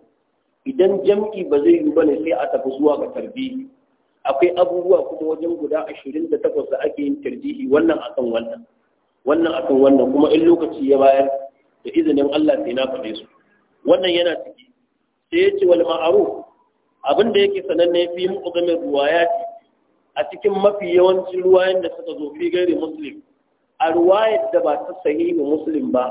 idan jam'i ba zai yi bane sai a tafi zuwa ga tarbi akwai abubuwa kuma wajen guda ashirin da takwas da ake yin tarjihi wannan akan wannan wannan akan wannan kuma in lokaci ya bayar da izinin Allah sai na faɗe su wannan yana ciki sai ya ce wal ma'ruf abin da yake sananne fi muqaddamin ruwayat a cikin mafi yawancin ruwayan da suka zo fi gairi muslim a ruwayar da ba ta sahihi muslim ba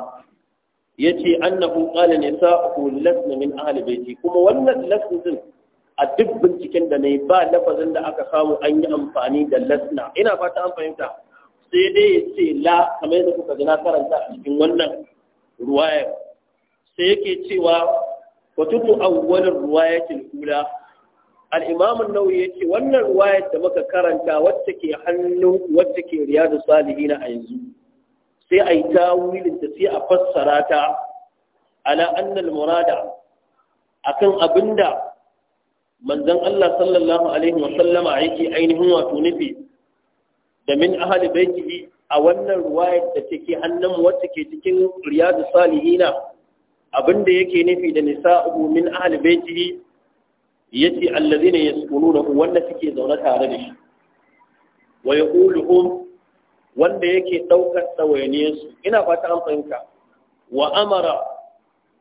yace annahu qala nisa'u lasna min ahli baiti kuma wannan lasna din a duk binciken da nayi ba lafazin da aka samu an yi amfani da lasna ina fata an fahimta sai dai ya ce la kamar yadda kuka ji karanta a cikin wannan ruwaya sai yake cewa wa tutu awwalur ruwayatil ula al-imam an-nawawi wannan ruwayar da muka karanta wacce ke hannu wacce ke riyadu salihin a yanzu sai a yi ta sai a fassara ta ala anna murada akan abinda manzon Allah sallallahu alaihi wa sallama yake ainihin wato nufi da min ahli baitihi a wannan ruwayar da take hannun wacce ke cikin riyadu salihina abinda yake nufi da nisa uku, min ahli baitihi yace allazina yaskununa wanda suke zaune tare da shi wa yaquluhum wanda yake daukar tsawayeniyar ina fata an fahimta wa amara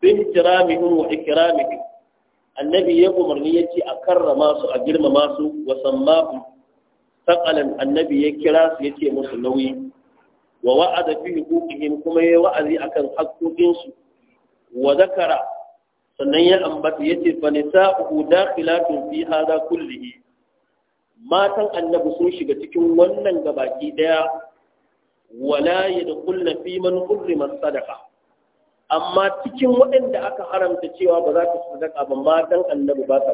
bi ihtiramihim wa ikramihim annabi ya umarni ce a karrama su a girmama su wa sammahum sakalan annabi ya kira su ya ce musu nauyi wa wa'ada fi huquqihim kuma ya wa'azi akan hakkokinsu wa zakara sannan ya ambata ya ce fa nisa'u dakhilatun fi hadha kullihi matan annabi sun shiga cikin wannan gabaki daya wala yadkhulna fi man hurrima sadaqa amma cikin waɗanda aka haramta cewa ba za ta sadaka ba matan annabi ba ta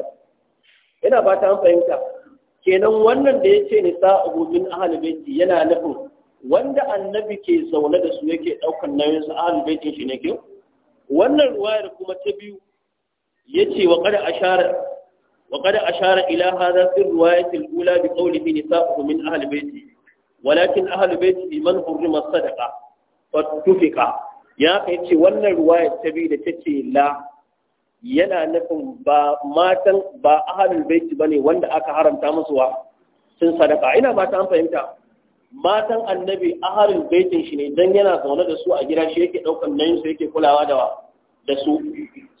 ina ba ta fahimta kenan wannan da yace nisa'uhu min ahli baiti yana nufin wanda annabi ke zaune da su yake daukan nauyin su ahli baitin shi ne ke wannan ruwayar kuma ta biyu yace wa qad ashara wa qad ashara ila hadha fi riwayat al-ula bi qawlihi nisa'uhu min ahli baiti walakin ahli baiti man hurrima sadaqa fatufika ya kai ce wannan ruwayar ta biyu da tace la yana nufin ba matan ba ahalul baiti bane wanda aka haramta musu wa sun sadaka ina ba ta an fahimta matan annabi ahalul baitin shi ne dan yana zaune da su a gida shi yake daukan nayin su yake kulawa da da su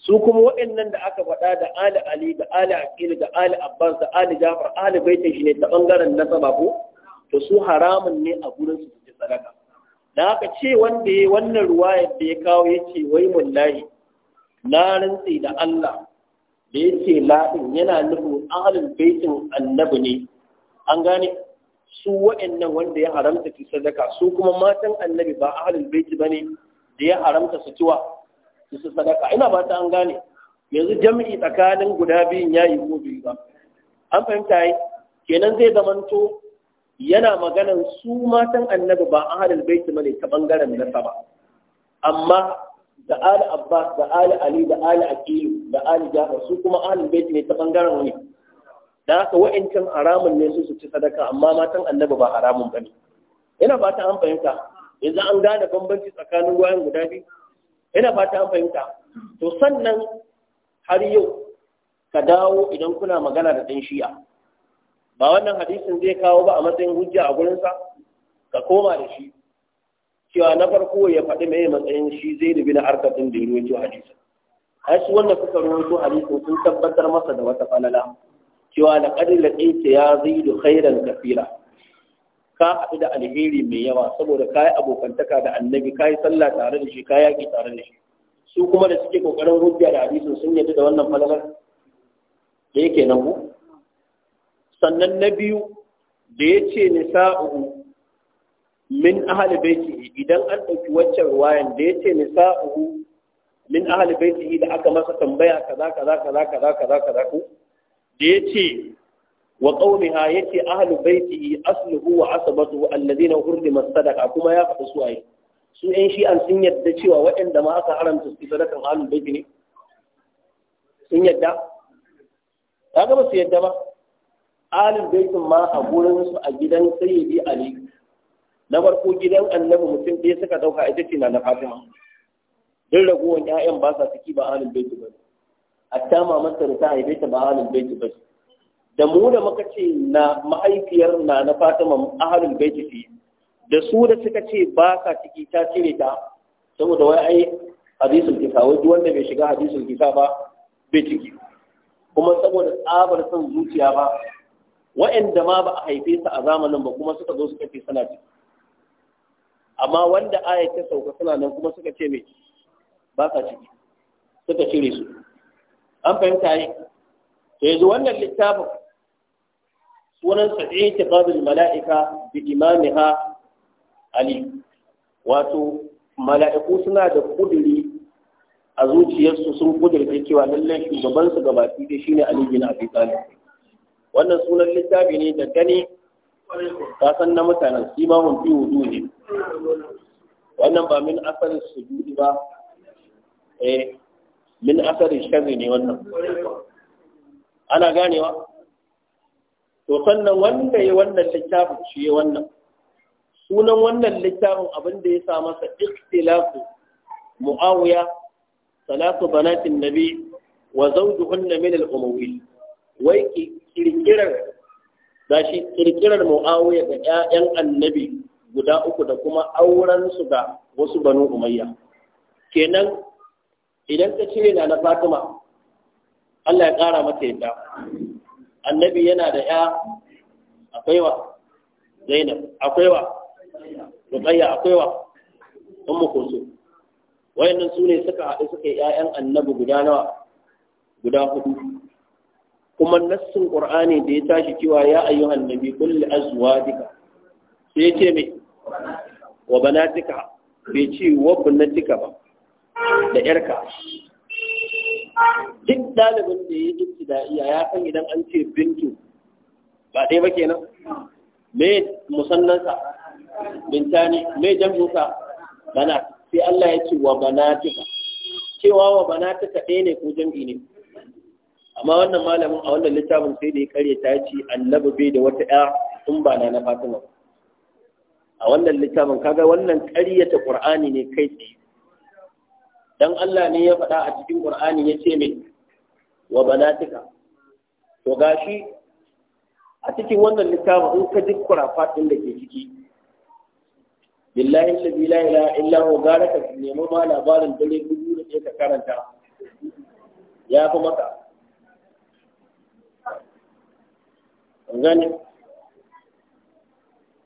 su kuma waɗannan da aka faɗa da ali ali da ali aqil da ali abbas da ali jafar ali baitin shi ne ta bangaren nasaba ko to su haramun ne a gurin su ke sadaka da aka ce wanda ya wannan ruwayar da ya kawo yace wai mullahi na rantse da Allah da ya ce laɗin yana nufin ahalin baitin annabi ne an gane su wa'annan wanda ya haramta su sadaka su kuma matan annabi ba ahalin baiti ba ne da ya haramta su ciwa su su sadaka ina ba ta an gane yanzu jam'i tsakanin guda biyun ya yi ko biyu ba an fahimta yi kenan zai zamanto yana maganan su matan annabi ba ahalin baiti ba ne ta ɓangaren nasa ba amma da ali abbas da ali ali da ali aqilu da ali jafar su kuma ali bait ne ta bangaren wani da haka wa'ancan haramun ne su su ci sadaka amma matan annabi ba haramun ba ne. ina ba an fahimta yanzu an gane bambanci tsakanin wayan guda biyu ina ba an fahimta to sannan har yau ka dawo idan kuna magana da ɗan shi'a ba wannan hadisin zai kawo ba a matsayin hujja a gurinsa ka koma da shi cewa na farko ya faɗi mai matsayin shi zai dubi na harkar da ya ruwaito hadisin a shi wanda suka ruwaito hadisin sun tabbatar masa da wata falala cewa da ƙadin laƙinta ya zai da khairan kafira ka haɗu da alheri mai yawa saboda ka yi abokantaka da annabi ka yi sallah tare da shi ka yaƙi tare da shi su kuma da suke ƙoƙarin hujja da hadisin sun yadda da wannan falalar da yake nan ku sannan na biyu da ya ce nisa'uhu min ahli baitihi idan an ɗauki waccan ruwayan da ya yace nisa'uhu min ahli baitihi da aka masa tambaya kaza kaza kaza kaza kaza kaza ku da ce wa qaumiha yace ahli baitihi asluhu wa asabatuhu alladhina hurdima sadaqa kuma ya faɗi su ai su ɗan shi an sun yadda cewa waɗanda ma aka haramta su sadakan ahli baiti ne sun yadda kaga ba su yadda ba ahli baitin ma a gurin su a gidan sayyidi ali na farko gidan annabi mutum ɗaya suka ɗauka ita ce na na fatima duk ragowar ƴaƴan ba sa ciki ba ahlul baiti ba hatta mamanta da ta haife ta ba halin baiti ba da mu da muka ce na mahaifiyar na na fatima halin baiti ce da su da suka ce ba sa ciki ta cire ta saboda wai ai hadisul kisa wai duk wanda bai shiga hadisul kisa ba bai ciki kuma saboda tsabar son zuciya ba wa'anda ma ba a haife su a zamanin ba kuma suka zo suka ce suna ciki amma wanda aya ta sauka suna nan kuma suka ce mai ba sa ciki suka cire su an fahimta yi to yanzu wannan littafin sunan sa i'tiqadul mala'ika bi imamiha ali wato mala'iku suna da kuduri a zuciyarsu sun kudurta cewa lallai shugabansu gabaki dai shine ali bin abi talib wannan sunan littafi ne da gani ka san na mutanen su imamun fi wudu ne wannan ba min asarin sujudi ba eh min asarin shari ne wannan ana ganewa to sannan wanda ya wannan littafin shi ya wannan sunan wannan littafin abin da ya sa masa ikhtilafu muawiya salatu banatin nabi wa zawjuhunna min al-umawi wai kirkirar shi kirkirar mu'awiya da 'ya'yan annabi guda uku da kuma auren su ga wasu banu umayya kenan idan ka cire na fatima Allah ya ƙara mata yadda annabi yana da ya akwaiwa zainab akwaiwa wa akwaiwa akwai wa ummu kulsum wayannan su ne suka haɗu suka yi ƴaƴan annabi guda nawa guda hudu kuma nassin qur'ani da ya tashi cewa ya ayyuhan annabi qul azwajika sai ya ce me wa banatika bai ce wa banatika ba da yarka duk dalibin da ya yi da iya ya san idan an ce bintu ba ɗaya ba kenan me musannansa bintani me jam'usa bana sai Allah ya ce wa banatika cewa wa banatika ɗaya ne ko jam'i ne amma wannan malamin a wannan littafin sai da ya kare ta ce annabi bai da wata ya in ba na na fatima a wannan littafin kaga wannan ta qur'ani ne kai tsaye dan Allah ne ya faɗa a cikin qur'ani ya ce mai wa banatika to gashi a cikin wannan littafin in ka ji kurafa din da ke ciki billahi alladhi la ilaha illa huwa garaka nemo ma labarin dare dubu da ka karanta ya fi maka gani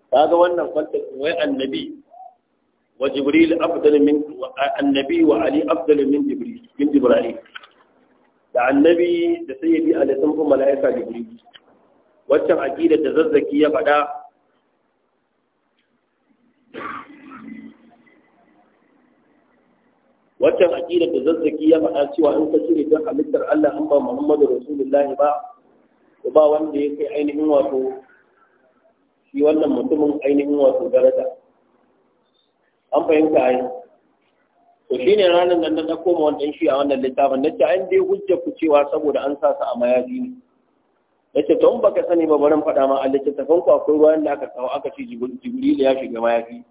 kaga wannan kwantakin wai annabi wa jibril afdal min annabi wa ali afdal min jibril min jibril da annabi da sayyidi ali sun kuma malaika jibril waccan aqida da zazzaki ya fada waccan aqida da zazzaki ya faɗa cewa in ka cire don halittar Allah an ba Muhammadu Rasulullahi ba ba wanda ya kai ainihin wato shi wannan mutumin ainihin wato daraja an fahimta ai to ne ranar nan na koma wannan shi a wannan littafin na ce an dai hujja ku cewa saboda an sa su a mayaji ne na ce to in baka sani ba barin faɗa ma a littattafan ku akwai ruwan da aka kawo aka ce jibril ya shiga mayafi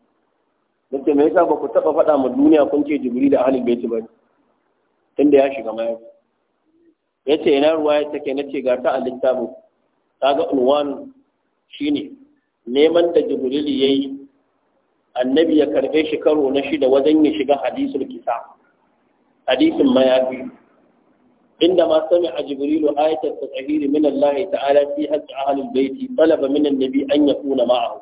na ce me yasa ba ku taɓa faɗa ma duniya kun ce jibril da ahlul baiti ba tunda ya shiga mayafi ya ce ina ya take na ce ga ta a littafin ta ga unwan shi ne neman da jibril ya yi annabi ya karɓe shi karo na shida wajen ya shiga hadisul kisa hadisin mayafi inda ma sami a jibrilu ayatul tasahiri min Allah ta'ala fi haqqi ahlul baiti talaba min annabi an kuna ma'ahu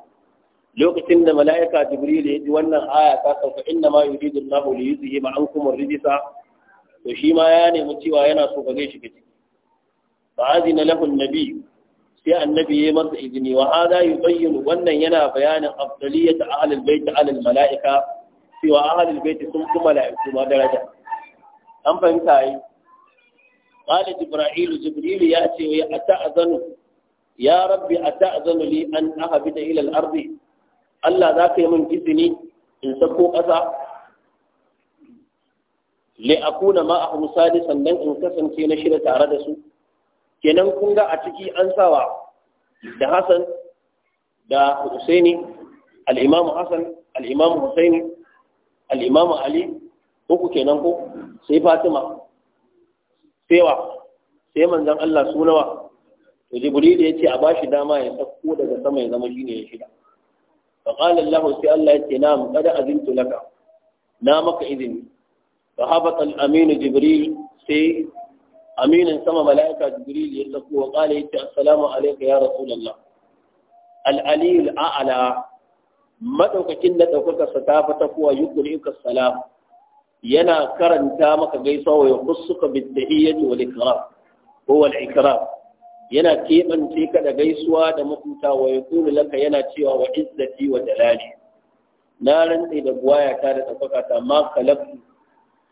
lokacin da mala'ika Jibrilu ya ji wannan aya ta sauka inna ma yuridu Allahu li yuzhiba ankum ar-rijsa to shi ma ya nemi cewa yana so ka gaishe ciki fa azina lahu annabi sai annabi ya masa izini wa hada yubayyin wannan yana bayanin afdaliyat ahli albayt ala almalaika cewa ahli albayt sun kuma mala'iku ma daraja an fahimta ai قال جبرائيل جبريل يأتي ويأتأذن يا ربي أتأذن an أن أهبط إلى الأرض Allah za ka yi min izini in sako ƙasa li akuna ma'ahum sadisan dan in kasance na shida tare da su kenan kun ga a ciki an sawa da Hassan da Husaini al-Imam Hassan al-Imam Husaini al-Imam Ali uku kenan ko sai Fatima sai sai manzon Allah sunawa to Jibril ya ce a bashi dama ya sako daga sama ya zama shine ya shida fa qala Allah sai Allah ya ce na'am kada azintu laka na maka izini فهبط الأمين جبريل سي أمين سما ملائكة جبريل يسقو وقال السلام عليك يا رسول الله العلي الأعلى madaukakin da ɗaukakarsa ta fi tafiwa yukurika salam yana karanta maka gaisuwa wa yakussuka biddahiyyati wal ikram ko wal ikram yana keɓance ka da gaisuwa da mutunta wa yaqulu laka yana cewa wa izzati wa jalali na rantsi da buwaya da ɗaukaka ta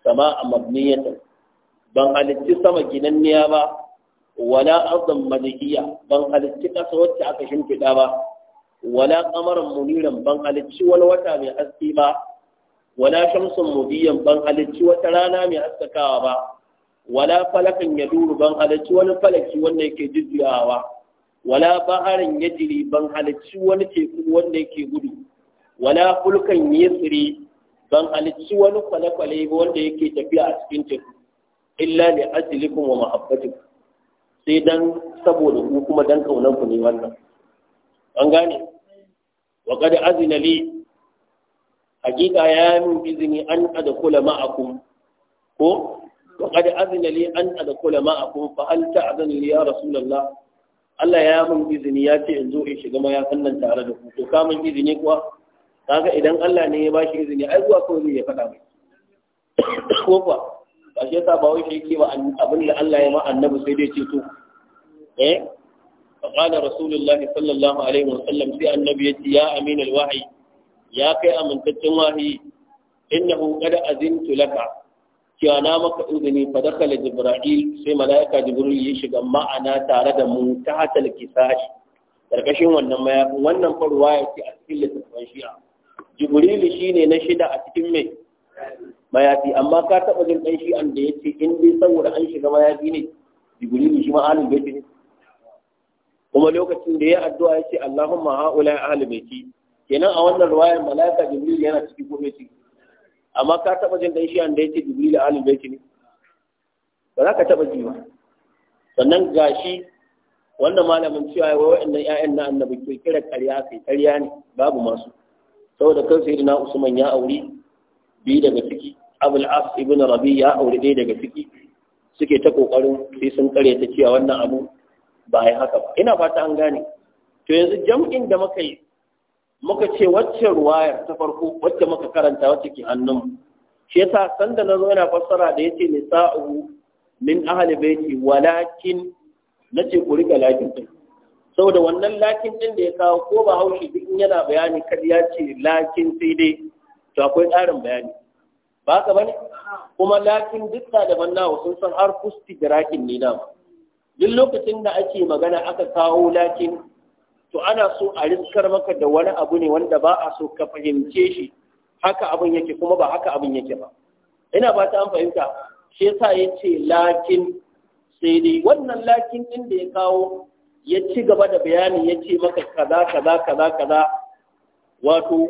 Sama a mabniyatan ban halitti sama ginanniya ba wala azan malikiya ban halitti ƙasa wacce aka shimfiɗa ba wala qamaran muniran ban halitti wani wata mai haske ba wala shamsun mubiyan ban halitti wata rana mai haskakawa ba wala falakan ya yaduru ban halitti wani falaki wanda yake jujjuyawa wala ya jiri ban halitti wani teku wanda yake gudu wala fulkan tsiri ban halicci wani kwale-kwale ba wanda yake tafiya a cikin teku illa li ajlikum wa mahabbatin sai dan saboda ku kuma dan kaunan ku ne wannan an gane wa kada azina li hakika ya min izini an kula ma'akum ko wa kada azina li an adkhula ma'akum fa hal ta'zan li ya rasulullah Allah ya min izini ya ce in zo in shiga mayakan nan tare da ku to kamun izini kuwa kaga idan Allah ne ya bashi izini ai zuwa kawai zai ya faɗa mai ko ba ba shi yasa ba wai shi yake ba abin da Allah ya ma annabi sai dai ce to eh فقال رسول الله صلى الله عليه وسلم في النبي يا أمين الوحي يا كي أمن تتواهي إنه قد أذنت cewa na maka izini fa dakala jibril sai malaika jibril ya shiga ma'ana tare da mu ta hatal kisashi karkashin wannan mayafi wannan faruwa ya ce a cikin littafin shi'a jibrilu ne na shida a cikin mai mayafi amma ka taɓa jin ɗan shi da ya ce in dai saboda an shiga mayafi ne jibrilu shi ma ahlul baiti ne kuma lokacin da ya addu'a ya ce Allahumma haula ahlul baiti kenan a wannan ruwayar malaka jibrilu yana cikin ko bai amma ka taɓa jin ɗan shi da ya ce jibrilu ahlul baiti ne ba za ka taɓa ji ba sannan gashi wannan malamin cewa wai waɗannan 'ya'yan na annabi ke kira ƙarya kai ƙarya ne babu masu saboda kan sai na usman ya auri biyu daga ciki abul as ibn rabi ya auri ɗaya daga ciki suke ta kokarin sai sun kare ta cewa wannan abu ba ya haka ba ina fata an gane to yanzu jam'in da muka yi muka ce wacce ruwayar ta farko wacce muka karanta wacce ke hannun shi yasa sanda na zo yana fassara da yace nisa'u min ahli baiti walakin nace ku rika lakin saboda wannan lakin ɗin da ya kawo ko ba haushi duk yana bayani kadi ya ce lakin sai dai to akwai tsarin bayani ba ka bane kuma lakin duk da daban nawa sun san har fusti rakin ne na duk lokacin da ake magana aka kawo lakin to ana so a riskar maka da wani abu ne wanda ba a so ka fahimce shi haka abin yake kuma ba haka abin yake ba ina ba ta an fahimta shi yasa ya ce lakin sai dai wannan lakin ɗin da ya kawo ya ci gaba da bayani ya ce maka kaza kaza kaza kaza wato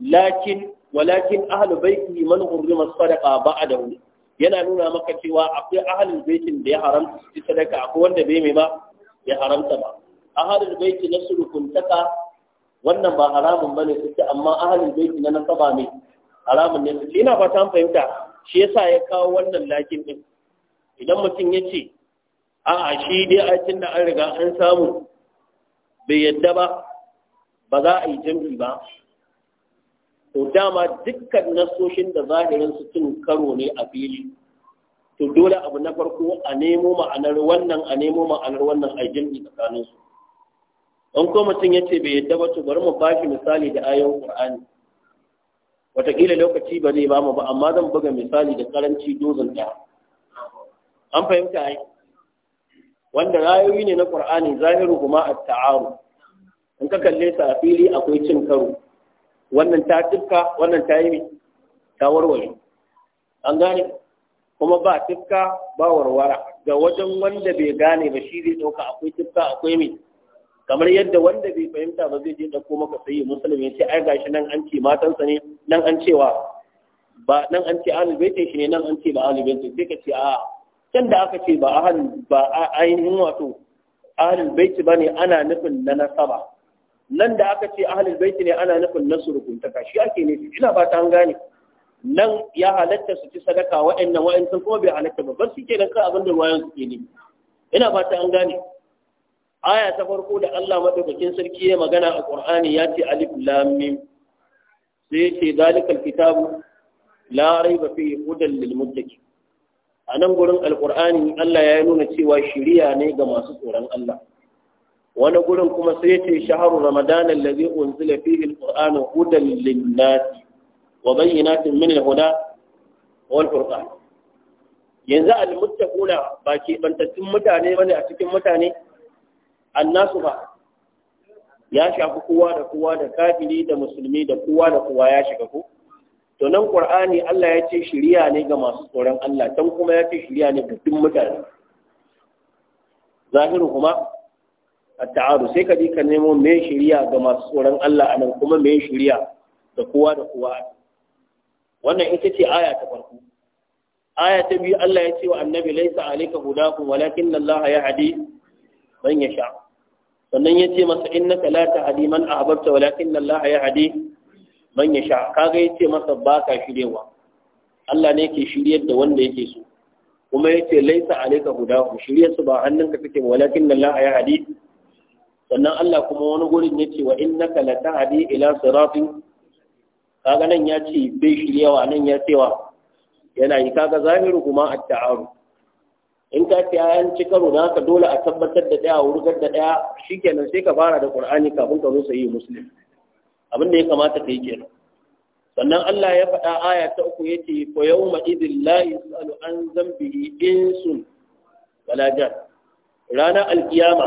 lakin walakin ahlul baiti man hurrima sadaqa ba'dahu yana nuna maka cewa akwai ahlul baitin da ya haramta su sadaka akwai wanda bai mai ba ya haramta ba ahlul baiti na taka wannan ba haramun bane suke amma ahlul baiti na nasaba ne haramun ne suke ina fata an fahimta shi yasa ya kawo wannan lakin din idan mutum ya ce a'a shi dai a cin da an riga an samu bai yadda ba ba za a yi jam'i ba to dama dukkan nasoshin da zahirin su cin karo ne a fili to dole abu na farko a nemo ma'anar wannan a nemo ma'anar wannan a jam'i tsakanin su an ko mutum ya ce bai yadda ba to bari mu bashi misali da ayon qur'ani wataƙila lokaci ba zai ba mu ba amma zan buga misali da karanci dozin ɗaya an fahimta ai wanda rayoyi ne na qur'ani zahiru kuma at-ta'aru in ka kalle sa a fili akwai cin karo wannan ta tifka wannan ta yi ta warware an gane kuma ba tifka ba warwara ga wajen wanda bai gane ba shi zai dauka akwai tifka akwai mai kamar yadda wanda bai fahimta ba zai je ɗauko maka sai musulmi ya ce ai gashi nan an ce matansa ne nan an cewa ba nan an ce ahlul shi ne nan an ce ba ahlul sai ka ce a can da aka ce ba ahal ba ainihin wato ahalul baiti ne ana nufin na nasaba nan da aka ce ahalul baiti ne ana nufin na surukuntaka shi ake ne. ina ba ta an gane nan ya halatta su ci sadaka wa'annan wa'annan kuma bai halatta ba bar suke nan kan abin da ruwayan suke ne ina ba ta an gane aya ta farko da Allah madaukakin sarki ya magana a Qur'ani ya ce alif lam mim sai ya ce zalikal kitabu la raiba fihi hudan lil muttaqin a nan gurin alkur'ani Allah ya nuna cewa shiriya ne ga masu tsoron Allah wani gurin kuma sai ya ce shaharu ramadan allazi unzila fihi alqur'anu hudan lin-nas wa bayyinatin min alhuda wal furqan yanzu al ba ke bantattun mutane bane a cikin mutane annasu ba ya shafi kowa da kowa da kafiri da musulmi da kowa da kowa ya shiga ko to nan qur'ani Allah ya ce shiriya ne ga masu tsoron Allah dan kuma ya ce shiriya ne ga duk mutane zahiru kuma a taaru sai ka ji ka nemo me shiriya ga masu tsoron Allah anan kuma me shiriya da kowa da kowa wannan ita ce aya ta farko aya ta biyu Allah ya ce wa annabi laisa alayka hudakum walakin Allah ya hadi man yasha sannan ya ce masa innaka la tahdi man ahbabta walakin Allah ya hadi man ya sha kaga yace ce masa ba ka shirewa Allah ne ke shiryar da wanda yake so kuma ya ce laisa alaika hu shiryar su ba hannunka take ba walakin Allah ya hadi sannan Allah kuma wani gurin ya ce wa innaka latahdi ila siratin kaga nan ya ce bai shiryawa nan ya cewa yana yi kaga zahiru kuma at-ta'aru in ka ce an ci karo da dole a tabbatar da daya wurgar da daya shikenan sai ka fara da Qur'ani kafin ka zo sai muslim abin da ya kamata ka yi kenan sannan Allah ya faɗa aya ta uku ya ce ko yau ma'idin la yus'alu an zambi insun wala ranar alkiyama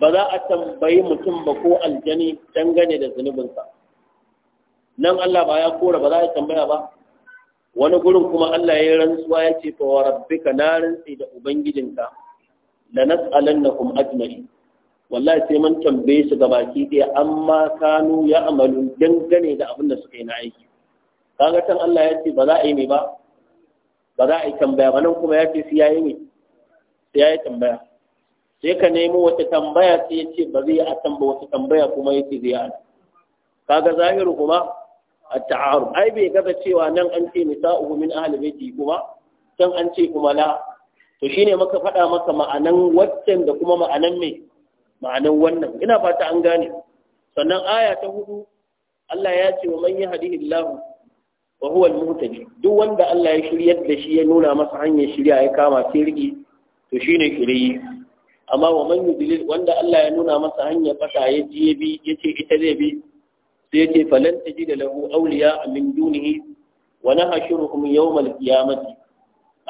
ba za a tambayi mutum ba ko aljani dangane da zunubinsa nan Allah ba ya kora ba za a tambaya ba wani gurin kuma Allah ya yi rantsuwa ya ce fa wa rabbika na rantsi da ubangijinka kuma ajma'in wallahi sai man tambaye su gabaki ɗaya amma kanu ya amalu dangane da abin da suka yi na aiki kaga can Allah ya ce ba za a yi mai ba ba za a yi tambaya ba nan kuma ya ce sai ya yi mai sai ya yi tambaya sai ka nemo wata tambaya sai ya ce ba zai a tambaya wata tambaya kuma ya ce zai a kaga zahiru kuma a ta'aru ai bai gaba cewa nan an ce nisa'uhu min ahli baiti kuma can an ce kuma la to shine maka faɗa maka ma'anan waccan da kuma ma'anan mai ma'anar wannan ina fata an gane sannan aya ta hudu Allah ya ce wa man Lahu, wa huwa al muhtaji duk wanda Allah ya shirya da shi ya nuna masa hanyar shirya ya kama sai sirri to shine shiriyi amma wa man yudlil wanda Allah ya nuna masa hanyar fata ya ji ya bi ce ita zai bi sai ce falan da lahu awliya min dunihi wa nahshuruhum yawm al-qiyamati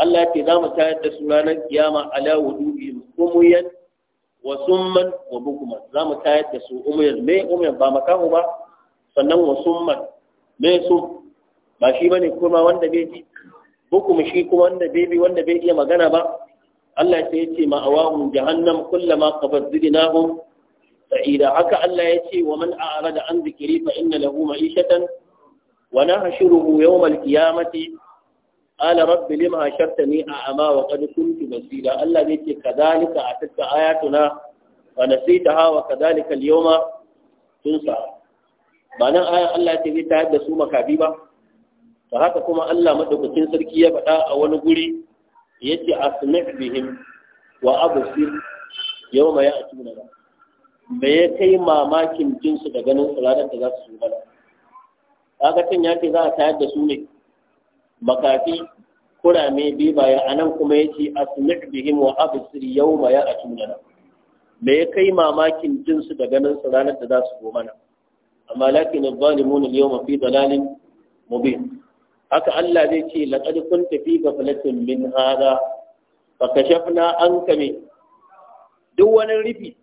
Allah ya ce za mu tayar da su ranar kiyama ala kuma yanzu. wa summan wa bukuma za mu tayar da su umuyar me umuyar ba makaho ba sannan wa summan me su ba shi bane kuma wanda bai ji bukuma shi kuma wanda bai bi wanda bai iya magana ba Allah sai ya ce ma'awahum jahannam kullama qabaddinahum sa'ida haka Allah yace ce wa man a'rada an zikiri fa inna lahu ma'ishatan wa nahshuruhu yawmal qiyamati qala rabbi lima ashartani a'ama wa qad kuntu basira Allah ne yake kadalika atatka ayatuna wa nasitaha wa kadalika al-yawma tunsa ba nan ayan Allah ya ce ta da su makafi ba to haka kuma Allah madaukakin sarki ya faɗa a wani guri yace asmi' wa me ya kai mamakin jinsu da ganin tsirarar da za su zo mana ga tun ya ce za a tayar da su ne makafi kurame bibaya a nan kuma ya ce asmi' bihim wa yau ma ya tunana me ya kai mamakin jinsu da ganin su ranar da za su goma mana? amma lakin adh-dhalimun al-yawma fi dalalin mubin haka Allah zai ce laqad kunta fi ghaflatin min hada fa kashafna anka min duk wani rufi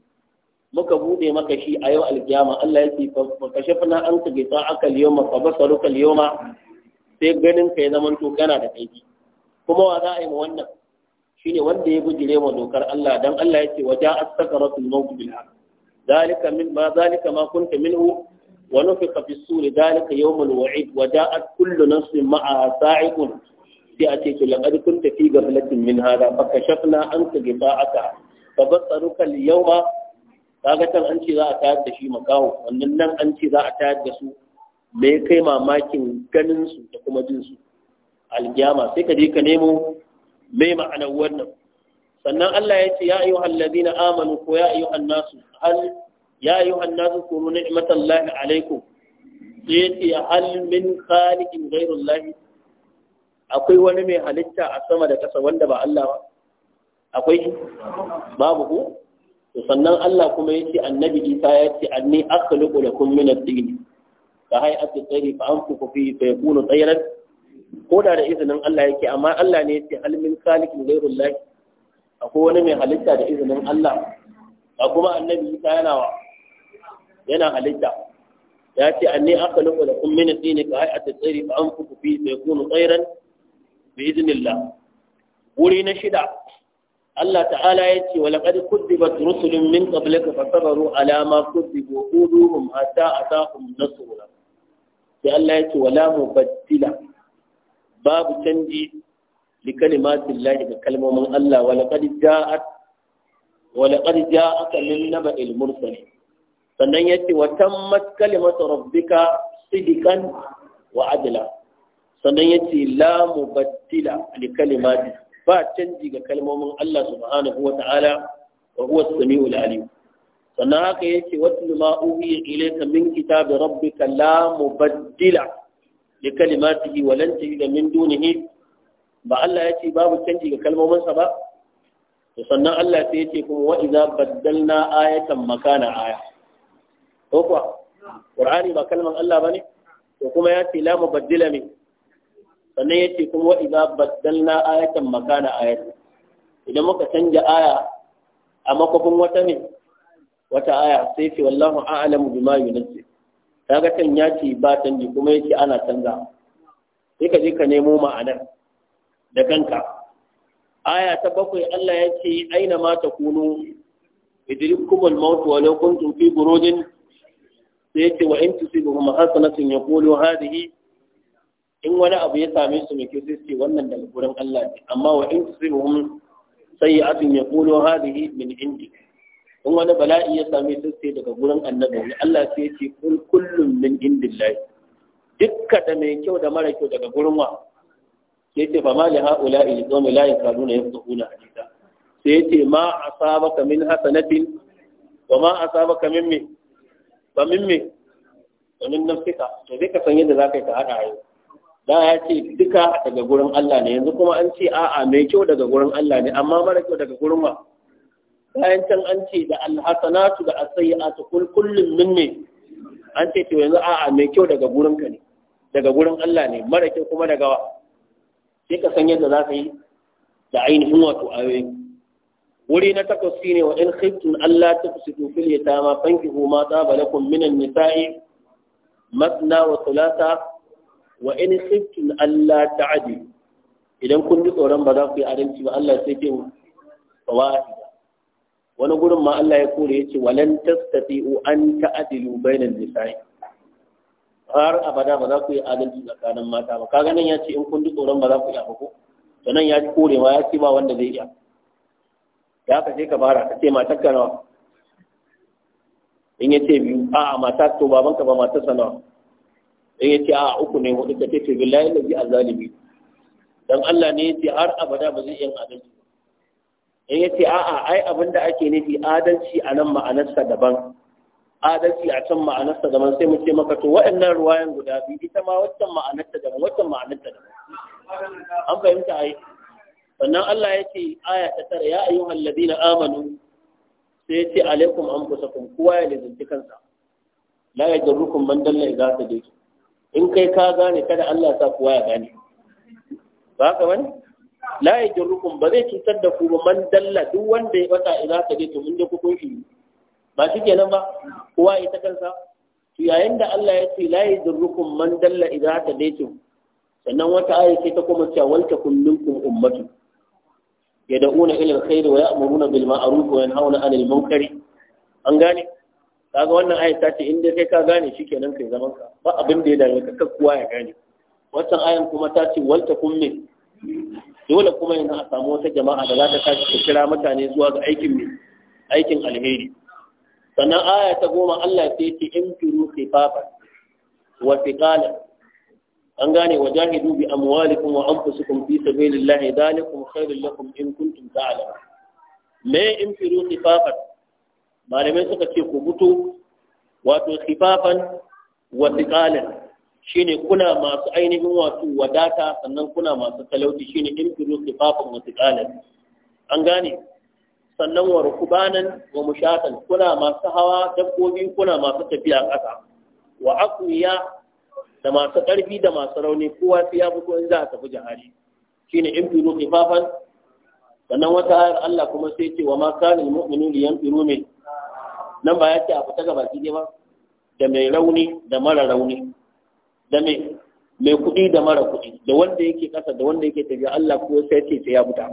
muka bude maka shi a yau alkiyama Allah ya ce fa kashafna anka bi ta'aka al-yawma fa basaruka yau ma. sai ganin ka ya zama to kana da kaifi kuma wa za a yi wannan shine wanda ya bujire ma dokar Allah dan Allah ya ce wa ja'at sakaratul maut bil haqq zalika min ma zalika ma kunta minhu wa nufiqa fi suri zalika yawmul wa'id wa ja'at kullu nafsin ma'aha sa'iqun sai a ce to laqad kunta fi ghaflatin min hada fa kashafna anka ghita'aka fa basaruka al-yawma kaga tan an ce za a tayar da shi makawo wannan nan an ce za a tayar da su me ya kai mamakin ganin su da kuma jin su alkiyama sai ka je ka nemo me ma'anar wannan sannan Allah ya ce ya ayyuhal allazina amanu ko ya ayyuhan nasu hal ya ko nasu kunu ni'matallahi alaikum sai ya ce hal min khaliqin ghairullahi akwai wani mai halitta a sama da ƙasa wanda ba Allah ba akwai babu ko sannan Allah kuma ya ce annabi Isa ya ce anni akhluqu lakum min ad-din ka hai asu tsari fa an kuku fi fa yakunu tsayran ko da da izinin Allah yake amma Allah ne yake halmin khaliqin ghairul lahi akwai wani mai halitta da izinin Allah a kuma annabi Isa yana wa yana halitta ya ce anni akhluqu lakum min at-tin ka hai asu tsari fa an kuku fi fa yakunu tsayran bi idnillah wuri na shida Allah ta'ala ya ce wa laqad kuzzibat rusulun min qablika fasabaru ala ma kuzzibu quduhum hatta atahum nasruna sai Allah ya ce wala mubaddila babu canji li kalimatin lahi ga kalmomin Allah wala laqad ja'at wa laqad ja'aka min naba'il mursalin sannan yace wa tammat kalimatu rabbika sidqan wa adla sannan yace la mubaddila li kalimati ba canji ga kalmomin Allah subhanahu wa ta'ala wa huwa as-sami'ul alim sannan haka yace watlu ma uhiya ilayka min kitabi rabbika la mubaddila li yi walanta yi da min ne ba Allah ya ce babu canji ga kalmominsa ba to sannan Allah sai ce kuma wa idza baddalna ayatan makana aya ko kuwa qur'ani ba kalman Allah ba ne? to kuma ce la baddila ne? sannan ya ce kuma wa idza baddalna ayatan makana ayatan idan muka canja aya a makofin wata ne wata aya sai ce wallahu a'lamu bima yunzi kaga can ya ce ba canji kuma yake ana canza sai ka je ka nemo ma'anar da kanka aya ta bakwai Allah ya ce aina ma ta kunu. idrikumul maut wa law kuntum fi burudin sai ce wa in tusibuhum hasanatun yaqulu hadhihi in wani abu ya same su mai kyau sai wannan daga gurin Allah ne amma wa in tusibuhum sayyi'atun yaqulu hadhihi min indika in wani bala'i ya same su sai daga gurin annabi ne Allah sai ya ce kul kullum min indillahi dukka da mai kyau da mara kyau daga gurin wa sai ce fa ma li haula il qawmi la yakaduna yafqahuna hadisa sai ya ce ma asabaka min hasanatin wa ma asabaka min me ba min me wa min nafsika to dai ka san yadda zaka yi ka hada ayo da ya ce duka daga gurin Allah ne yanzu kuma an ce a'a mai kyau daga gurin Allah ne amma mara kyau daga gurin wa bayan can an ce da alhasanatu da asayyatu kul kullun minni an ce to yanzu a'a mai kyau daga gurin ne daga gurin Allah ne mara kyau kuma daga wa sai ka san yadda za ka yi da ainihin wato ayoyi wuri na takwas shine wa in khiftum alla tufsidu fil yatama fankihu ma taba lakum minan nisa'i matna wa thulatha wa in khiftum alla ta'dilu idan kun ji tsoron ba za ku yi adalci ba Allah sai ce wa wahida wani gurin ma Allah ya kore yace walan tastati'u an ta'dilu bainan nisa'i har abada ba za ku yi adalci tsakanin mata ba kaga nan ya ce in kun ji tsoron ba za ku yi abu ko to nan ya kore ma ya ce ba wanda zai iya da ka je ka bara ka ce matar ka nawa in ya ce biyu a mata to baban ka ba matar sa nawa in ya ce a uku ne hudu ka ce to billahi lazi azalimi dan Allah ne ya ce har abada ba zai iya adalci in yace a'a ai abin da ake nufi adalci a nan ma'anarsa daban adalci a can ma'anarsa daban sai mu ce maka to waɗannan ruwayan guda biyu ita ma waccan ma'anarta daban waccan ma'anarta daban an fahimta ai sannan Allah ya ce aya ta tara ya ayyuha ladina amanu sai ya ce alaikum anfusakum kowa ya lizinci kansa la ya jarrukum man dalla idza tadaytu in kai ka gane kada Allah ya sa kowa ya gane ba ka wani la Rukun, ba zai cutar da ku ba man dalla duk wanda ya bata idan ka je to mun da ku kun shi ba shi kenan ba kowa ya ta kansa to yayin da Allah ya ce la Rukun man dalla idan ka je to sannan wata aya ce ta kuma cewa wal takum minkum ummatu yad'una ilal khair wa ya'muruna bil ma'ruf wa yanhauna 'anil munkar an gane kaga wannan aya ta ce in dai kai ka gane shikenan kai zaman ka ba abin da ya dame ka kuwa ya gane wannan ayan kuma ta ce wal takum min dole kuma yanzu a samu wata jama'a da za ta tashi ta kira mutane zuwa ga aikin mai aikin alheri sannan aya ta goma Allah sai ce in turu khifafa wa thiqala an gane wa jahidu bi amwalikum wa anfusikum fi sabilillahi dhalikum khairul lakum in kuntum ta'lamun me in turu khifafa malamai suka ce ku mutu wato khifafan wa thiqala shine kuna masu ainihin wato wadata sannan kuna masu talauci shine imtiru sifafin wasu ƙalar an gane sannan wa rukubanan wa mushatan kuna masu hawa dabbobi kuna masu tafiya ƙasa wa akuya da masu ƙarfi da masu rauni kowa sai ya fito in za a tafi jihari shine imtiru fafan? sannan wata ayar Allah kuma sai ce wa ma kana almu'minu liyanfiru min nan ba ya ce a fita gaba ki ba da mai rauni da mara rauni da me mai kuɗi da mara kuɗi da wanda yake ƙasa da wanda yake tafiya Allah ko sai ce sai ya buta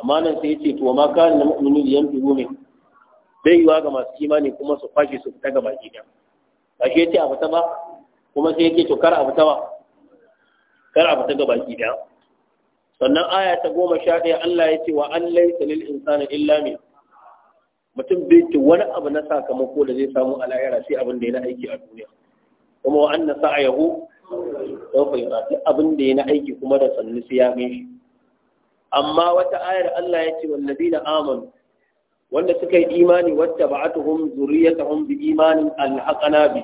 amma nan sai ce to ma kan na mu'minin yan dubu ne dai yiwa ga masu imani kuma su fashi su fita ga baki da ba shi yace a ta ba kuma sai yake to kar a ta ba kar a fita ga baki da sannan aya ta goma sha ɗaya Allah ya ce wa an laysa lil insani illa min mutum bai ci wani abu na sakamako da zai samu a lahira sai abin da yana aiki a duniya kuma wa anna sa'ayahu sawfa yura duk abin da ya na aiki kuma da sannu sai ya shi amma wata ayar Allah ya ce na amanu wanda suka yi imani wacce ba'atuhum zuriyatuhum bi imanin alhaqana bi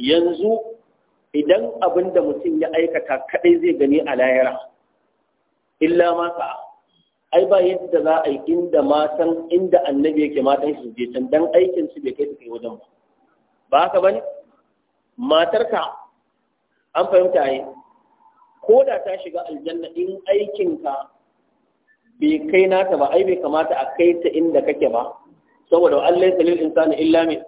yanzu idan abin da mutum ya aikata kaɗai zai gani a layara illa ma sa'a ai ba yadda za a yi inda matan inda annabi yake matan shi je can dan aikin su bai kai su kai wajen ba ba haka bane matarka an fahimta yi ko da ta shiga aljanna in aikinka bai kai nata ba ai bai kamata a kai ta inda kake ba saboda Allah ya salil insani illa mai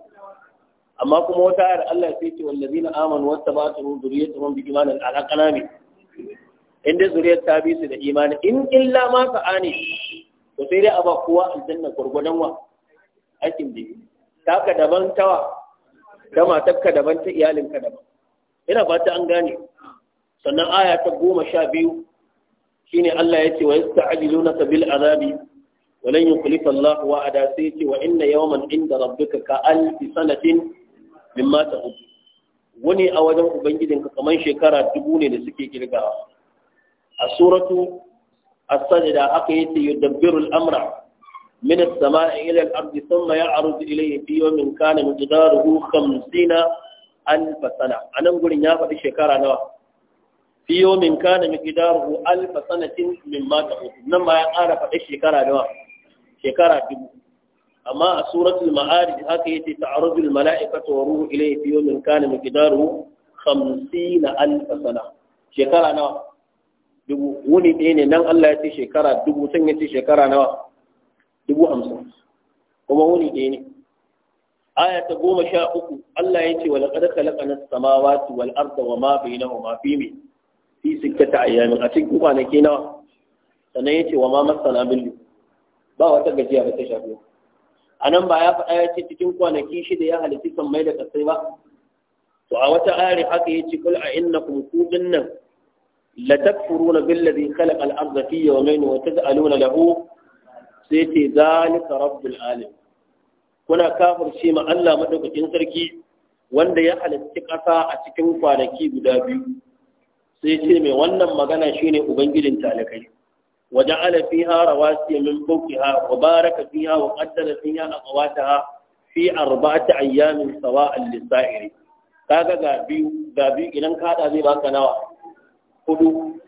amma kuma wata ayar Allah sai ce wallazina amanu wattaba'tu dhurriyyatuhum bi imanin alaqana min inda zuriyar ta bi su da imani in illa ma sa'ani to sai dai a ba kowa aljanna gurgudan wa aikin da ta ka daban tawa ta matarka daban ta iyalinka daban ina fata an gane sannan aya ta goma sha biyu shine Allah ya ce wa na bil azabi wa lan yukhlifa Allah wa'ada sai ce wa inna yawman inda rabbika ka alfi sanatin mimma ta'ud wani a wajen ubangijinka kamar shekara dubu ne da suke kirgawa a suratu as-sajda aka yace yudabbiru al-amra من السماء إلى الأرض ثم يعرض إليه في يوم كان مقداره خمسين ألف سنة أنا نقول يا فدي شكرا نوا في يوم كان مقداره ألف سنة مما تقول نما يعرف فدي شكرا نوا شكرا دبو أما سورة المعارج هكذا تعرض الملائكة وروح إليه في يوم كان مقداره خمسين ألف سنة شكرا نوا دبو وني دين نان الله يتي شكرا دبو سنة شكرا نوا dubu hamsin kuma wuni ɗaya ne aya ta goma sha uku Allah ya ce wala qad khalaqna as-samawati wal arda wa ma bai ma fi min fi ta ayyamin a cikin kwanaki nawa sannan ya ce wa ma masana billu ba wata gajiya ba ta shafe a nan ba ya faɗa ya ce cikin kwanaki shida ya halitti sammai da Kasai ba to a wata ayar haka ya ce kul a innakum ku dinnan la takfuruna billazi khalaqa al-arda fi yawmayn wa taj'aluna lahu sai ce zalika rabbul alim kuna kafirce ma Allah madaukakin sarki wanda ya halitta ƙasa a cikin kwanaki guda biyu sai ce mai wannan magana shine ubangijin talakai وجعل فيها رواسي من فوقها وبارك فيها وقدر فيها أقواتها في أربعة أيام سواء للسائر kaga ga biyu ga biyu idan ka zai baka nawa hudu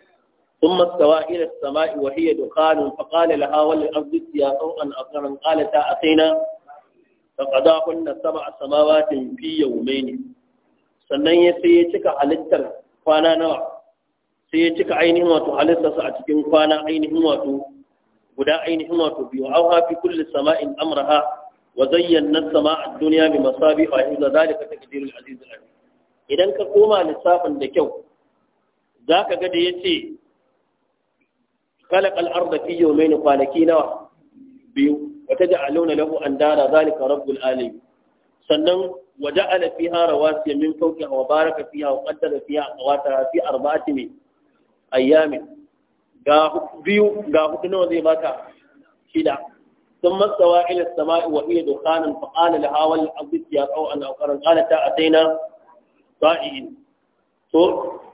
ثم استوى إلى السماء وهي دخان فقال لها وللأرض ائتيا طوعا أو كرها قالتا أتينا فقضاهن سبع سماوات في يومين sannan ya sai ya cika halittar kwana nawa sai ya cika ainihin wato halittarsa a cikin kwana ainihin wato guda ainihin wato biyu auha hafi kulli sama'in amraha wa zayyana sama'a duniya bi masabi wa hidda zalika takdirul aziz al idan ka koma lissafin da kyau zaka ga da yace خلق الأرض في يومين قالكينا biyu wata ja'aluna lahu andara zalika rabbul alamin sannan waja'ala fiha rawasiya min fawqiha wa baraka fiha wa qaddara fiha aqwatara fi arba'ati min ayamin ga biyu ga nawa zai ثم استوى الى السماء وهي دخان فقال لها والارض يا طوعا او كرا قالت اتينا طائعين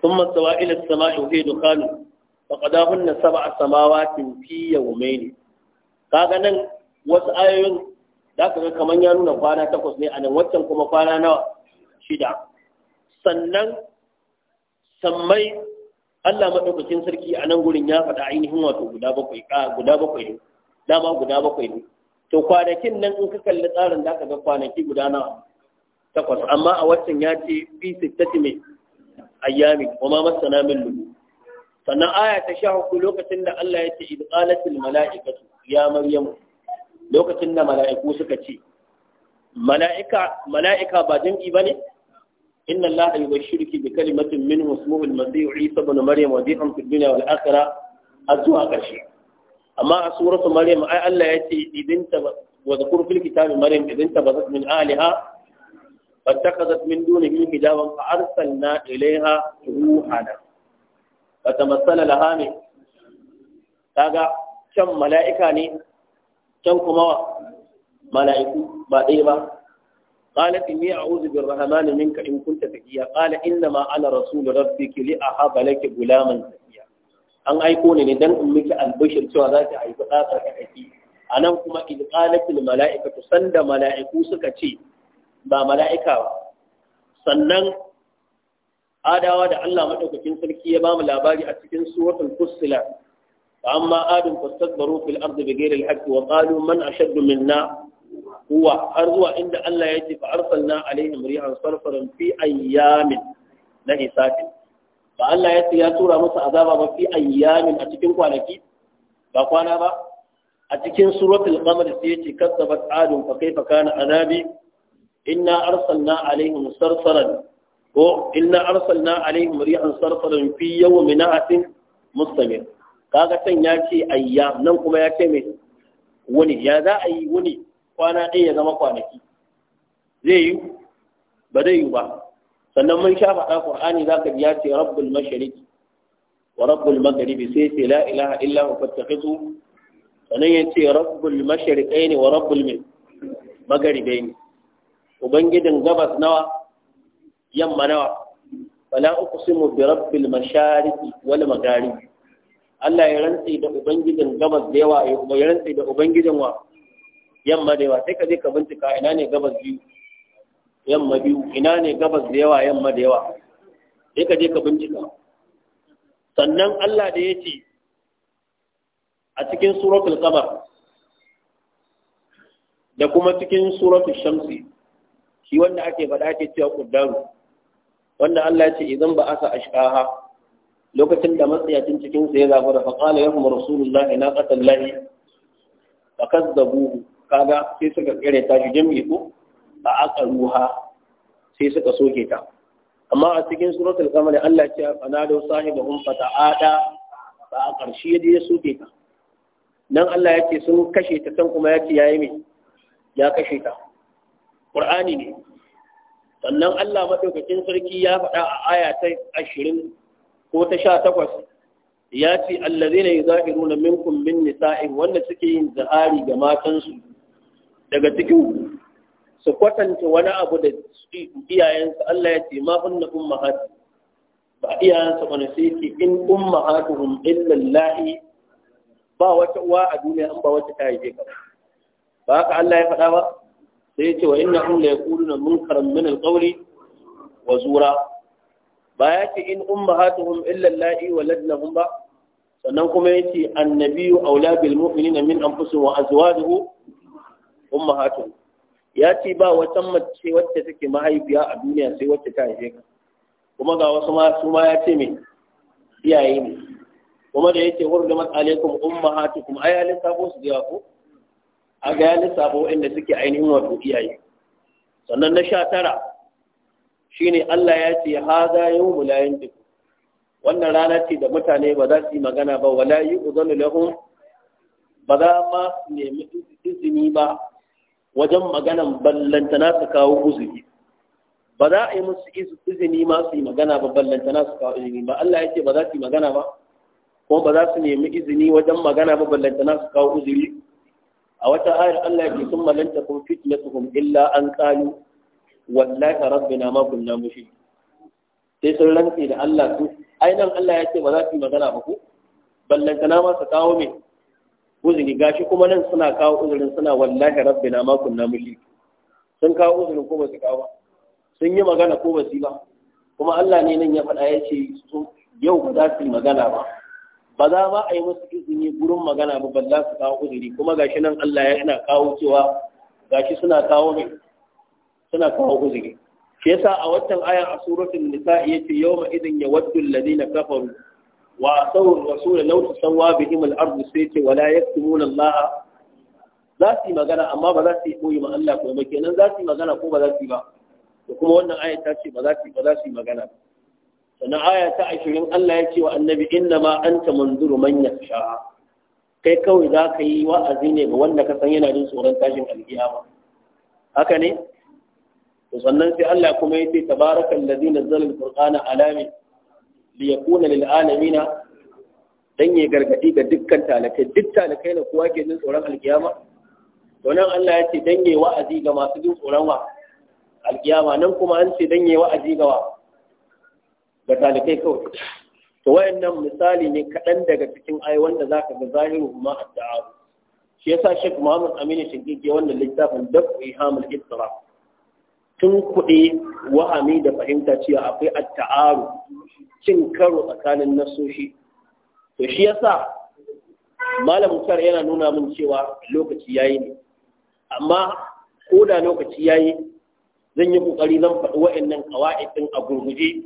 ثم استوى الى السماء وهي دخان فقداهن سبع سماوات في ne kaga nan wasu ayoyin da kaga kamar ya nuna kwana takwas ne a nan waccan kuma kwana nawa shida sannan sammai Allah maɗaukacin sarki a nan gurin ya faɗa ainihin wato guda bakwai guda bakwai ne dama guda bakwai ne to kwanakin nan in ka kalli tsarin da kaga kwanaki guda nawa takwas amma a waccan ya ce fi sittati mai ayyami kuma masana min lulu. sannan aya ta sha hukku lokacin da Allah ya ce idqalatil mala'ikatu ya maryamu lokacin da mala'iku suka ce mala'ika mala'ika ba jam'i bane inna Allah yubashshiruki bi kalimatin minhu ismuhu al-masih Isa ibn Maryam wa dhihan fid dunya wal akhirah azwa karshe amma a suratu Maryam ai Allah ya ce idin ta wa zakur fil kitabi Maryam idin ta bazat min aliha فاتخذت من دونه حجابا فارسلنا اليها روحنا wata matsala lahami daga can mala’ika ne can kuma mala’iku ba ɗaya ba ƙala fi mi a uzubin rahamanin in kunta tafiya ƙala inda ma ana rasulu rabbi ki li a haɓa lake gulaman tafiya an aiko ne ne don miki albashir cewa za ta haifi da ka a nan kuma in ƙala fi mala’ika to sanda mala’iku suka ce ba mala’ika ba sannan adawa da Allah madaukakin sarki ya bamu labari a cikin suratul fussila fa amma adun fastakbaru fil ardi bighayri wa qalu man ashaddu minna har zuwa inda Allah ya ce fa arsalna alaihim rihan sarfaran fi ayyamin la hisabin fa Allah ya ce ya tura musu azaba ba fi ayyamin a cikin kwanaki ba kwana ba a cikin suratul qamar sai ya ce kazzabat adun fa kaifa kana azabi inna arsana alaihim sarfaran ko inna arsalna alaihim rihan sarfaran fi yawmin na'atin mustamir kaga can ya ce ayyam nan kuma ya ce mai wani ya za a yi wani kwana ɗaya ya zama kwanaki zai yi ba zai yi ba sannan mun sha faɗa qur'ani zaka ji ya ce rabbul mashriq wa rabbul maghrib sai ce la ilaha illa huwa fattakhidhu sannan ya ce rabbul mashriqaini wa rabbul maghribaini ubangijin gabas nawa yamma nawa fala uqsimu bi rabbil mashariqi wal magharibi Allah ya rantsi da ubangijin gabas da yawa ya kuma ya rantsi da ubangijin wa yamma da yawa sai ka je ka bincika ina ne gabas biyu yamma biyu ina ne gabas da yawa yamma da yawa sai ka je ka bincika sannan Allah da ya ce a cikin suratul qamar da kuma cikin suratul shamsi shi wanda ake faɗa ake cewa ƙuddaru wanda Allah ya ce idan ba aka ashkaha lokacin da matsayacin cikin sa ya zafi da ya kuma rasulullah ina qatallahi fakazzabuhu kaga sai suka kare ta shi jami'i ko a ruha sai suka soke ta amma a cikin suratul qamar Allah ya ce da sahibahum fata'ada ba a ƙarshe ya je ya soke ta nan Allah ya ce sun kashe ta kan kuma ya ce yayi me ya kashe ta qur'ani ne sannan Allah maɗaukacin sarki ya faɗa a aya ta ashirin ko ta sha takwas ya ce zahiru na minkun min nisa'i wanda suke yin zahari ga matansu daga cikin su kwatanta wani abu da iyayensu Allah ya ce ma umma ummahati ba iyayensu wani sai ke, in hun illan lahi ba wata uwa a duniya an ba wata ta haife ka ba haka Allah ya faɗa ba sai ya ce wa hun la yaquluna mun min ƙauri wa zura ba ya ce in ummahatuhum wa allati waladnahum ba sannan kuma ya ce yace annabiyyu aula bil mu'minina min fusu wa ba hatu ya ce ba wata mace wacce take mahaifiya a duniya sai wacce ta haife ka kuma ga wasu ma su ma ya ce me iyaye ne kuma da yake hurdumat alaikum ummahatukum kuma alisa ko su ga ko a ga ya lissafa inda suke ainihin wato iyaye sannan na sha tara shine Allah ya ce haza wu la yantiqu wannan rana ce da mutane ba za su yi magana ba wala yu'zanu lahum ba za ma su nemi izini ba wajen maganan ballantana su kawo uzuri ba za a yi musu izini ma su yi magana ba ballantana su kawo izini ba Allah ya ce ba za su yi magana ba kuma ba za su nemi izini wajen magana ba ballantana su kawo uzuri a wata ayar Allah yake sun malanta kun fitnatuhum illa an qalu wallahi rabbina ma kunna mushrik sai sun rantse da Allah su ainihin Allah ya ce ba za su yi magana ba ku ballantana ma su kawo mai uzuri gashi kuma nan suna kawo uzurin suna wallahi rabbina ma kunna mushrik sun kawo uzurin ko ba su kawo ba sun yi magana ko ba su yi ba kuma Allah ne nan ya faɗa ya ce yau ba za su yi magana ba ba za ma a yi musu izini gurin magana ba balla su kawo uzuri kuma gashi nan Allah ya yana kawo cewa gashi suna kawo ne suna kawo uzuri shi yasa a watan ayan a suratul nisa yace yawma idin yawaddu alladhina kafaru wa da rasul law tusawwa bihim al-ard sayce wala yaktumuna Allah za su yi magana amma ba za su yi koyi ma Allah ko ba kenan za su yi magana ko ba za su yi ba da kuma wannan ayat ta ce ba za su yi ba za su yi magana ba sannan aya ta ashirin Allah ya ce wa annabi inna ma an ta manzuru manyan sha kai kawai za ka yi wa'azi ne ga wanda ka san yana jin tsoron tashin alkiyama haka ne to sannan sai Allah kuma ya ce tabarakal da nazzala alqur'ana ala min li yakuna lil alamin dan ya gargadi ga dukkan talakai duk talakai na kowa ke jin tsoron alkiyama to nan Allah ya ce dan ya wa'azi ga masu jin tsoron wa alkiyama nan kuma an ce dan ya wa'azi ga wa ga talibai kawai to wayannan misali ne kaɗan daga cikin ai wanda za ka ga zahiru a addu'a shi yasa Sheikh Muhammad Aminu Shinkiki wannan littafin Dafu Ihamul Istira tun kuɗi wahami da fahimta cewa akwai atta'aru cin karo tsakanin nasoshi to shi yasa malamin Mukhtar yana nuna min cewa lokaci yayi ne amma ko da lokaci yayi zan yi kokari zan faɗi wa'annan qawaid din a gurguje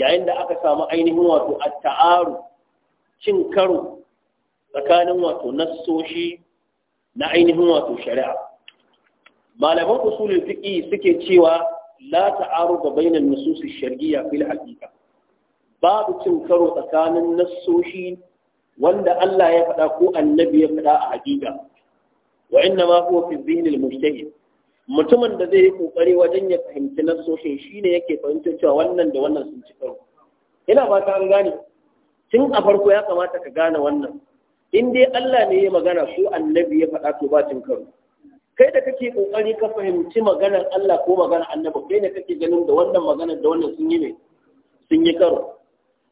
yayin da aka samu ainihin wato atta'aru cin karo tsakanin wato nassoshi na ainihin wato shari'a malaman usulul fiqh suke cewa la ga bainan nusus ash-shar'iyya fil haƙiƙa. babu cin karo tsakanin nassoshi wanda Allah ya faɗa ko annabi ya faɗa a haƙiƙa wa inna ma huwa fi dhihnil mujtahid mutumin da zai yi kokari wajen ya fahimci nassoshin shi ne yake fahimtar cewa wannan da wannan sun ci karo ina ba ta gane tun a farko ya kamata ka gane wannan in dai Allah ne ya magana su annabi ya faɗa to ba cin karo kai da kake kokari ka fahimci maganar Allah ko maganar annabi kai ne kake ganin da wannan maganar da wannan sun yi ne sun yi karo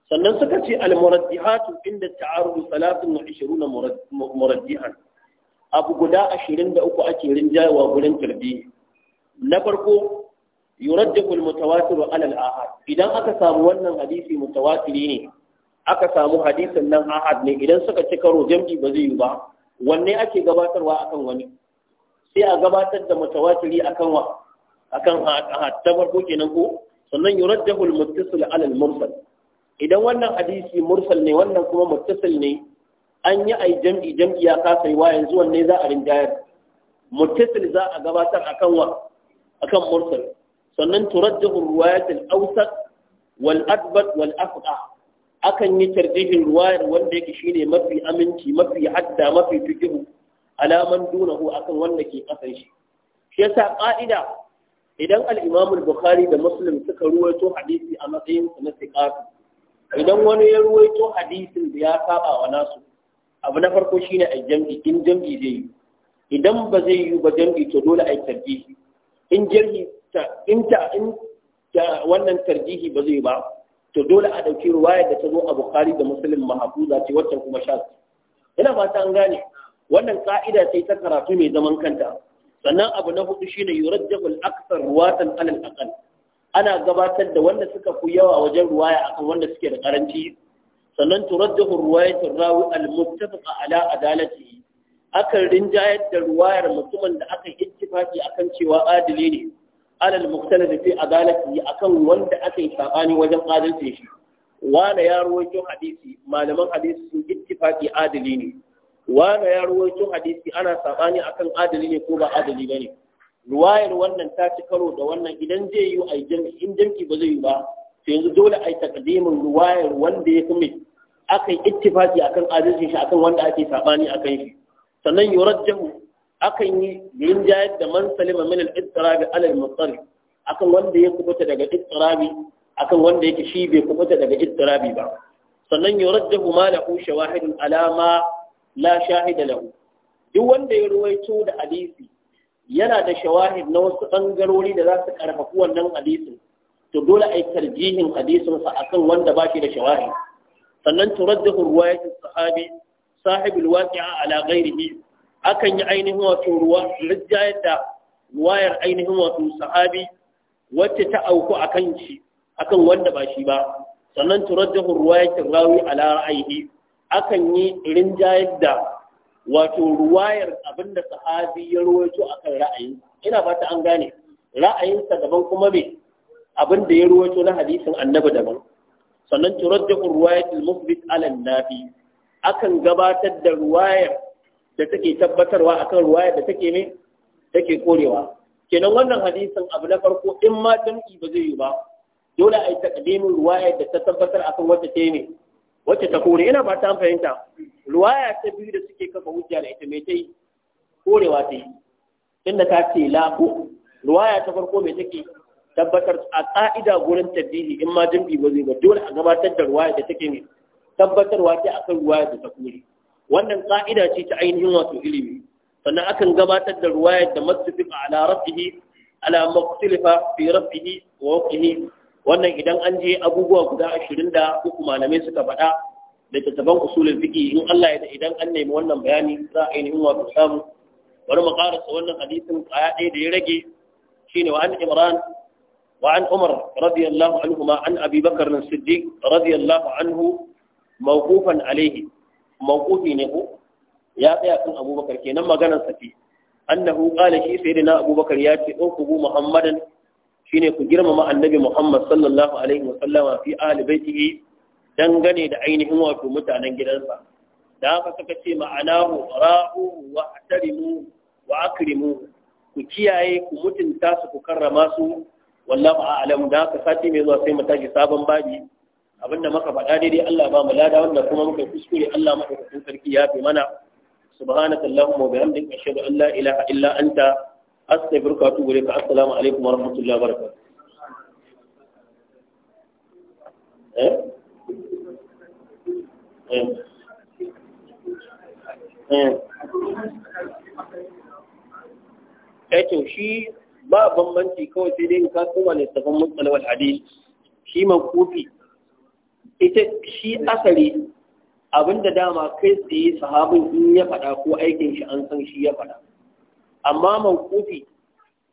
sannan suka ce al-muraddihatu inda ta'arudu 23 muraddihan abu guda ashirin da uku ake rinjayewa gurin tarbi na farko yuraddu mutawatir ala al-ahad idan aka samu wannan hadisi mutawatiri ne aka samu hadisin nan ahad ne idan suka ci karo jam'i ba zai yi ba wanne ake gabatarwa akan wani sai a gabatar da mutawatiri akan wa akan ahad ta farko kenan ko sannan yuraddu al-muttasil ala al-mursal idan wannan hadisi mursal ne wannan kuma muttasil ne an yi ai jam'i jam'i ya kasa wa yanzu wanne za a rinjayar mutasil za a gabatar akan wa akan mursal sannan turajjihu riwayat al-awsat wal adbat wal afqa akan yi tarjihin ruwayar wanda yake shine mafi aminci mafi hadda mafi fikihu alaman dunahu akan wanda ke kasan shi shi yasa ka'ida idan al-Imam al-Bukhari da Muslim suka ruwaito hadisi a matsayin na idan wani ya ruwaito hadisin da ya saba wa nasu abu na farko shine a jam'i in jam'i zai yi idan ba zai yi ba jam'i to dole a yi tarjihi in jam'i ta in ta in ta wannan tarjihi ba zai ba to dole a dauki ruwaya da ta zo a bukhari da muslim mahfuza ce wancan kuma sha ina fata an gane wannan ka'ida ce ta karatu mai zaman kanta sannan abu na hudu shine yurajjahul aksar ruwatan alal aqal ana gabatar da wanda suka fi yawa wajen ruwaya akan wanda suke da karanci sannan turaddahu ruwayatul rawi al-muttafaqa ala adalatihi akan rinjayar da ruwayar mutumin da aka ittifaki akan cewa adili ne alal muqtalid fi adalatihi akan wanda aka yi sabani wajen adalci shi wala ya ruwaito hadisi malaman hadisi sun ittifaki adili ne wala ya ruwaito hadisi ana sabani akan adili ne ko ba adili bane ruwayar wannan ta ci karo da wannan idan zai yi a in jam'i ba zai yi ba sai yanzu dole a yi takadimin ruwayar wanda ya fi aka yi ittifaki akan adalcin shi akan wanda ake sabani akan shi sannan yurajjahu akan yi rinjayar da man salima min al-ittirabi alal mutsari akan wanda ya kubuta daga ittirabi akan wanda yake shi bai kubuta daga ittirabi ba sannan yurajjahu ma lahu shawahidun alama la shahida lahu duk wanda ya ruwaito da hadisi yana da shawahid na wasu bangarori da za su karfafi wannan hadisin to dole a yi tarjihin hadisinsa akan wanda ba shi da shawahid sannan turaddahu ruwayatul sahabi sahibul waqi'a ala ghairihi akan yi ainihin wato ruwa rijjayar da ruwayar ainihin wato sahabi wacce ta auku akan shi akan wanda ba shi ba sannan turaddahu ruwayatul rawi ala ra'ayihi akan yi rinjayar da wato ruwayar abinda sahabi ya ruwaito akan ra'ayi ina fata an gane ra'ayinsa daban kuma me abinda da ya ruwaito na hadisin annabi daban sannan turaddu ruwayatul musbit ala nafi akan gabatar da ruwayar da take tabbatarwa akan ruwayar da take ne take korewa kenan wannan hadisin abu na farko in ma jam'i ba zai yi ba dole a yi takdimin ruwayar da ta tabbatar akan wacce ta yi wacce ta kore ina ba ta fahimta ruwaya ta biyu da suke kafa hujja da ita mai ta yi korewa ta yi inda ta ce la ruwaya ta farko mai take tabbatar a ƙa'ida gurin tabbihi in ma jimbi ba zai ba dole a gabatar da ruwaya da take ne tabbatarwa ce akan ruwaya da ta kore wannan ƙa'ida ce ta ainihin wato ilimi sannan akan gabatar da ruwaya da masfiqa ala rafihi ala maqtilifa fi rafihi wa wannan idan an je abubuwa guda 23 malamai suka faɗa da tattaban usulul fiqi in Allah ya da idan an nemi wannan bayani za a ainihin wato samu bari mu karasa wannan hadisin ƙaya ɗaya da ya rage shine wa an imran وعن عمر رضي الله عنهما عن أبي بكر الصديق رضي الله عنه موقوفا عليه موقوف نه يا كان أبو بكر كينا ما كان سفي أنه قال شيء سيدنا أبو بكر ياتي أخبو محمدا shine ku girmama annabi Muhammad sallallahu alaihi wa sallama fi ahli baitihi dangane da ainihin wato mutanen gidansa da haka suka ce ma'anahu ra'u wa wa akrimu ku kiyaye ku mutunta su ku karrama su wallahu a'lam da haka sati mai zuwa sai mu tashi sabon babi abinda muka faɗa dai Allah ba mu lada wanda kuma muka kuskure Allah madaukakin sarki ya fi mana subhanaka allahumma wa bihamdika ashhadu an la ilaha illa anta astaghfiruka wa atubu ilaik assalamu alaikum wa rahmatullahi wa barakatuh eh eh eh, eh shi ba bambanci kawai sai dai ka kuma ne tafan mutsala wal hadis shi kufi. ita shi asali abinda dama kai tsaye sahabin in ya faɗa ko aikin shi an san shi ya faɗa amma kufi.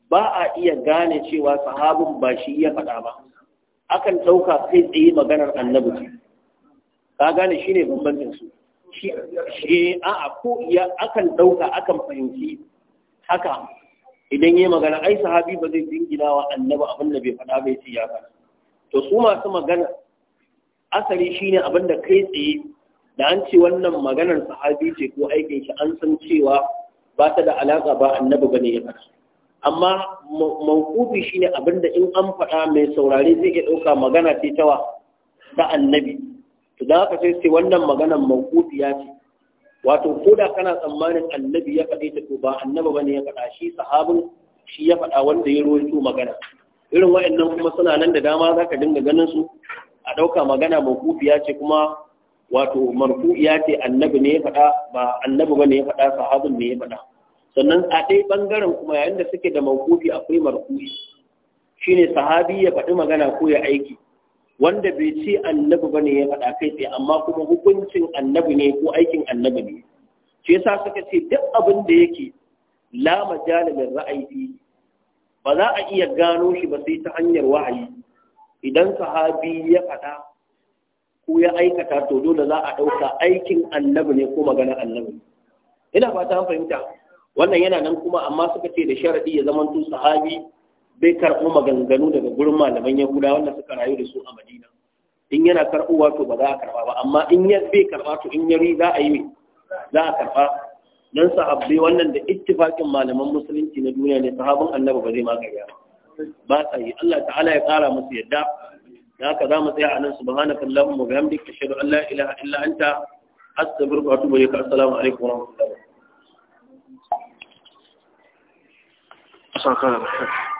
ba a iya gane cewa sahabin ba shi ya faɗa ba akan ɗauka kai tsaye maganar annabi ce ka gane shi ne bambancin su shi a'a ko ya akan ɗauka akan fahimci haka idan yi magana ai sahabi ba zai dingina wa annabi abin da bai faɗa bai ce ya faɗa to su masu magana asali shine abin da kai tsaye da an ce wannan maganar sahabi ce ko aikin shi an san cewa ba ta da alaƙa ba annabi bane ya faɗa amma mawqufi shine abin da in an faɗa mai saurare zai iya ɗauka magana ce ta wa ta annabi to da haka ce wannan maganar ya ce wato ko da kana tsammanin annabi ya faɗe ta to ba annaba bane ya faɗa shi sahabin shi ya faɗa wanda ya rawaito magana irin wa'annan kuma suna nan da dama zaka dinga ganin su a ɗauka magana mawqufiya ce kuma wato marfu'iya ce annabi ne ya faɗa ba annabi bane ya faɗa sahabin ne ya faɗa sannan a ɗaya ɓangaren kuma yayin da suke da mawqufi akwai marfu'i shine sahabi ya faɗi magana ko ya aiki wanda bai ce annabi bane ya faɗa kai tsaye amma kuma hukuncin annabi ne ko aikin annabi ne shi yasa suka ce duk abin da yake la majalimin ra'ayi ba za a iya gano shi ba sai ta hanyar wahayi idan sahabi ya faɗa ko ya aikata to dole za a ɗauka aikin annabi ne ko maganar annabi ina fata fahimta wannan yana nan kuma amma suka ce da sharadi ya zamanto sahabi bai karɓo maganganu daga gurin malaman yahuda wanda suka rayu da su a madina in yana karɓowa to ba za a karɓa ba amma in ya bai karɓa to in yari za a yi za a karɓa dan sahabbai wannan da ittifakin malaman musulunci na duniya ne sahabin annabi ba zai ma gariya ba ba yi Allah ta'ala ya kara musu yadda da haka za mu tsaya a nan subhanaka allahumma wa bihamdika ashhadu an la ilaha illa anta astaghfiruka wa atubu ilaik assalamu alaikum wa rahmatullahi wa barakatuh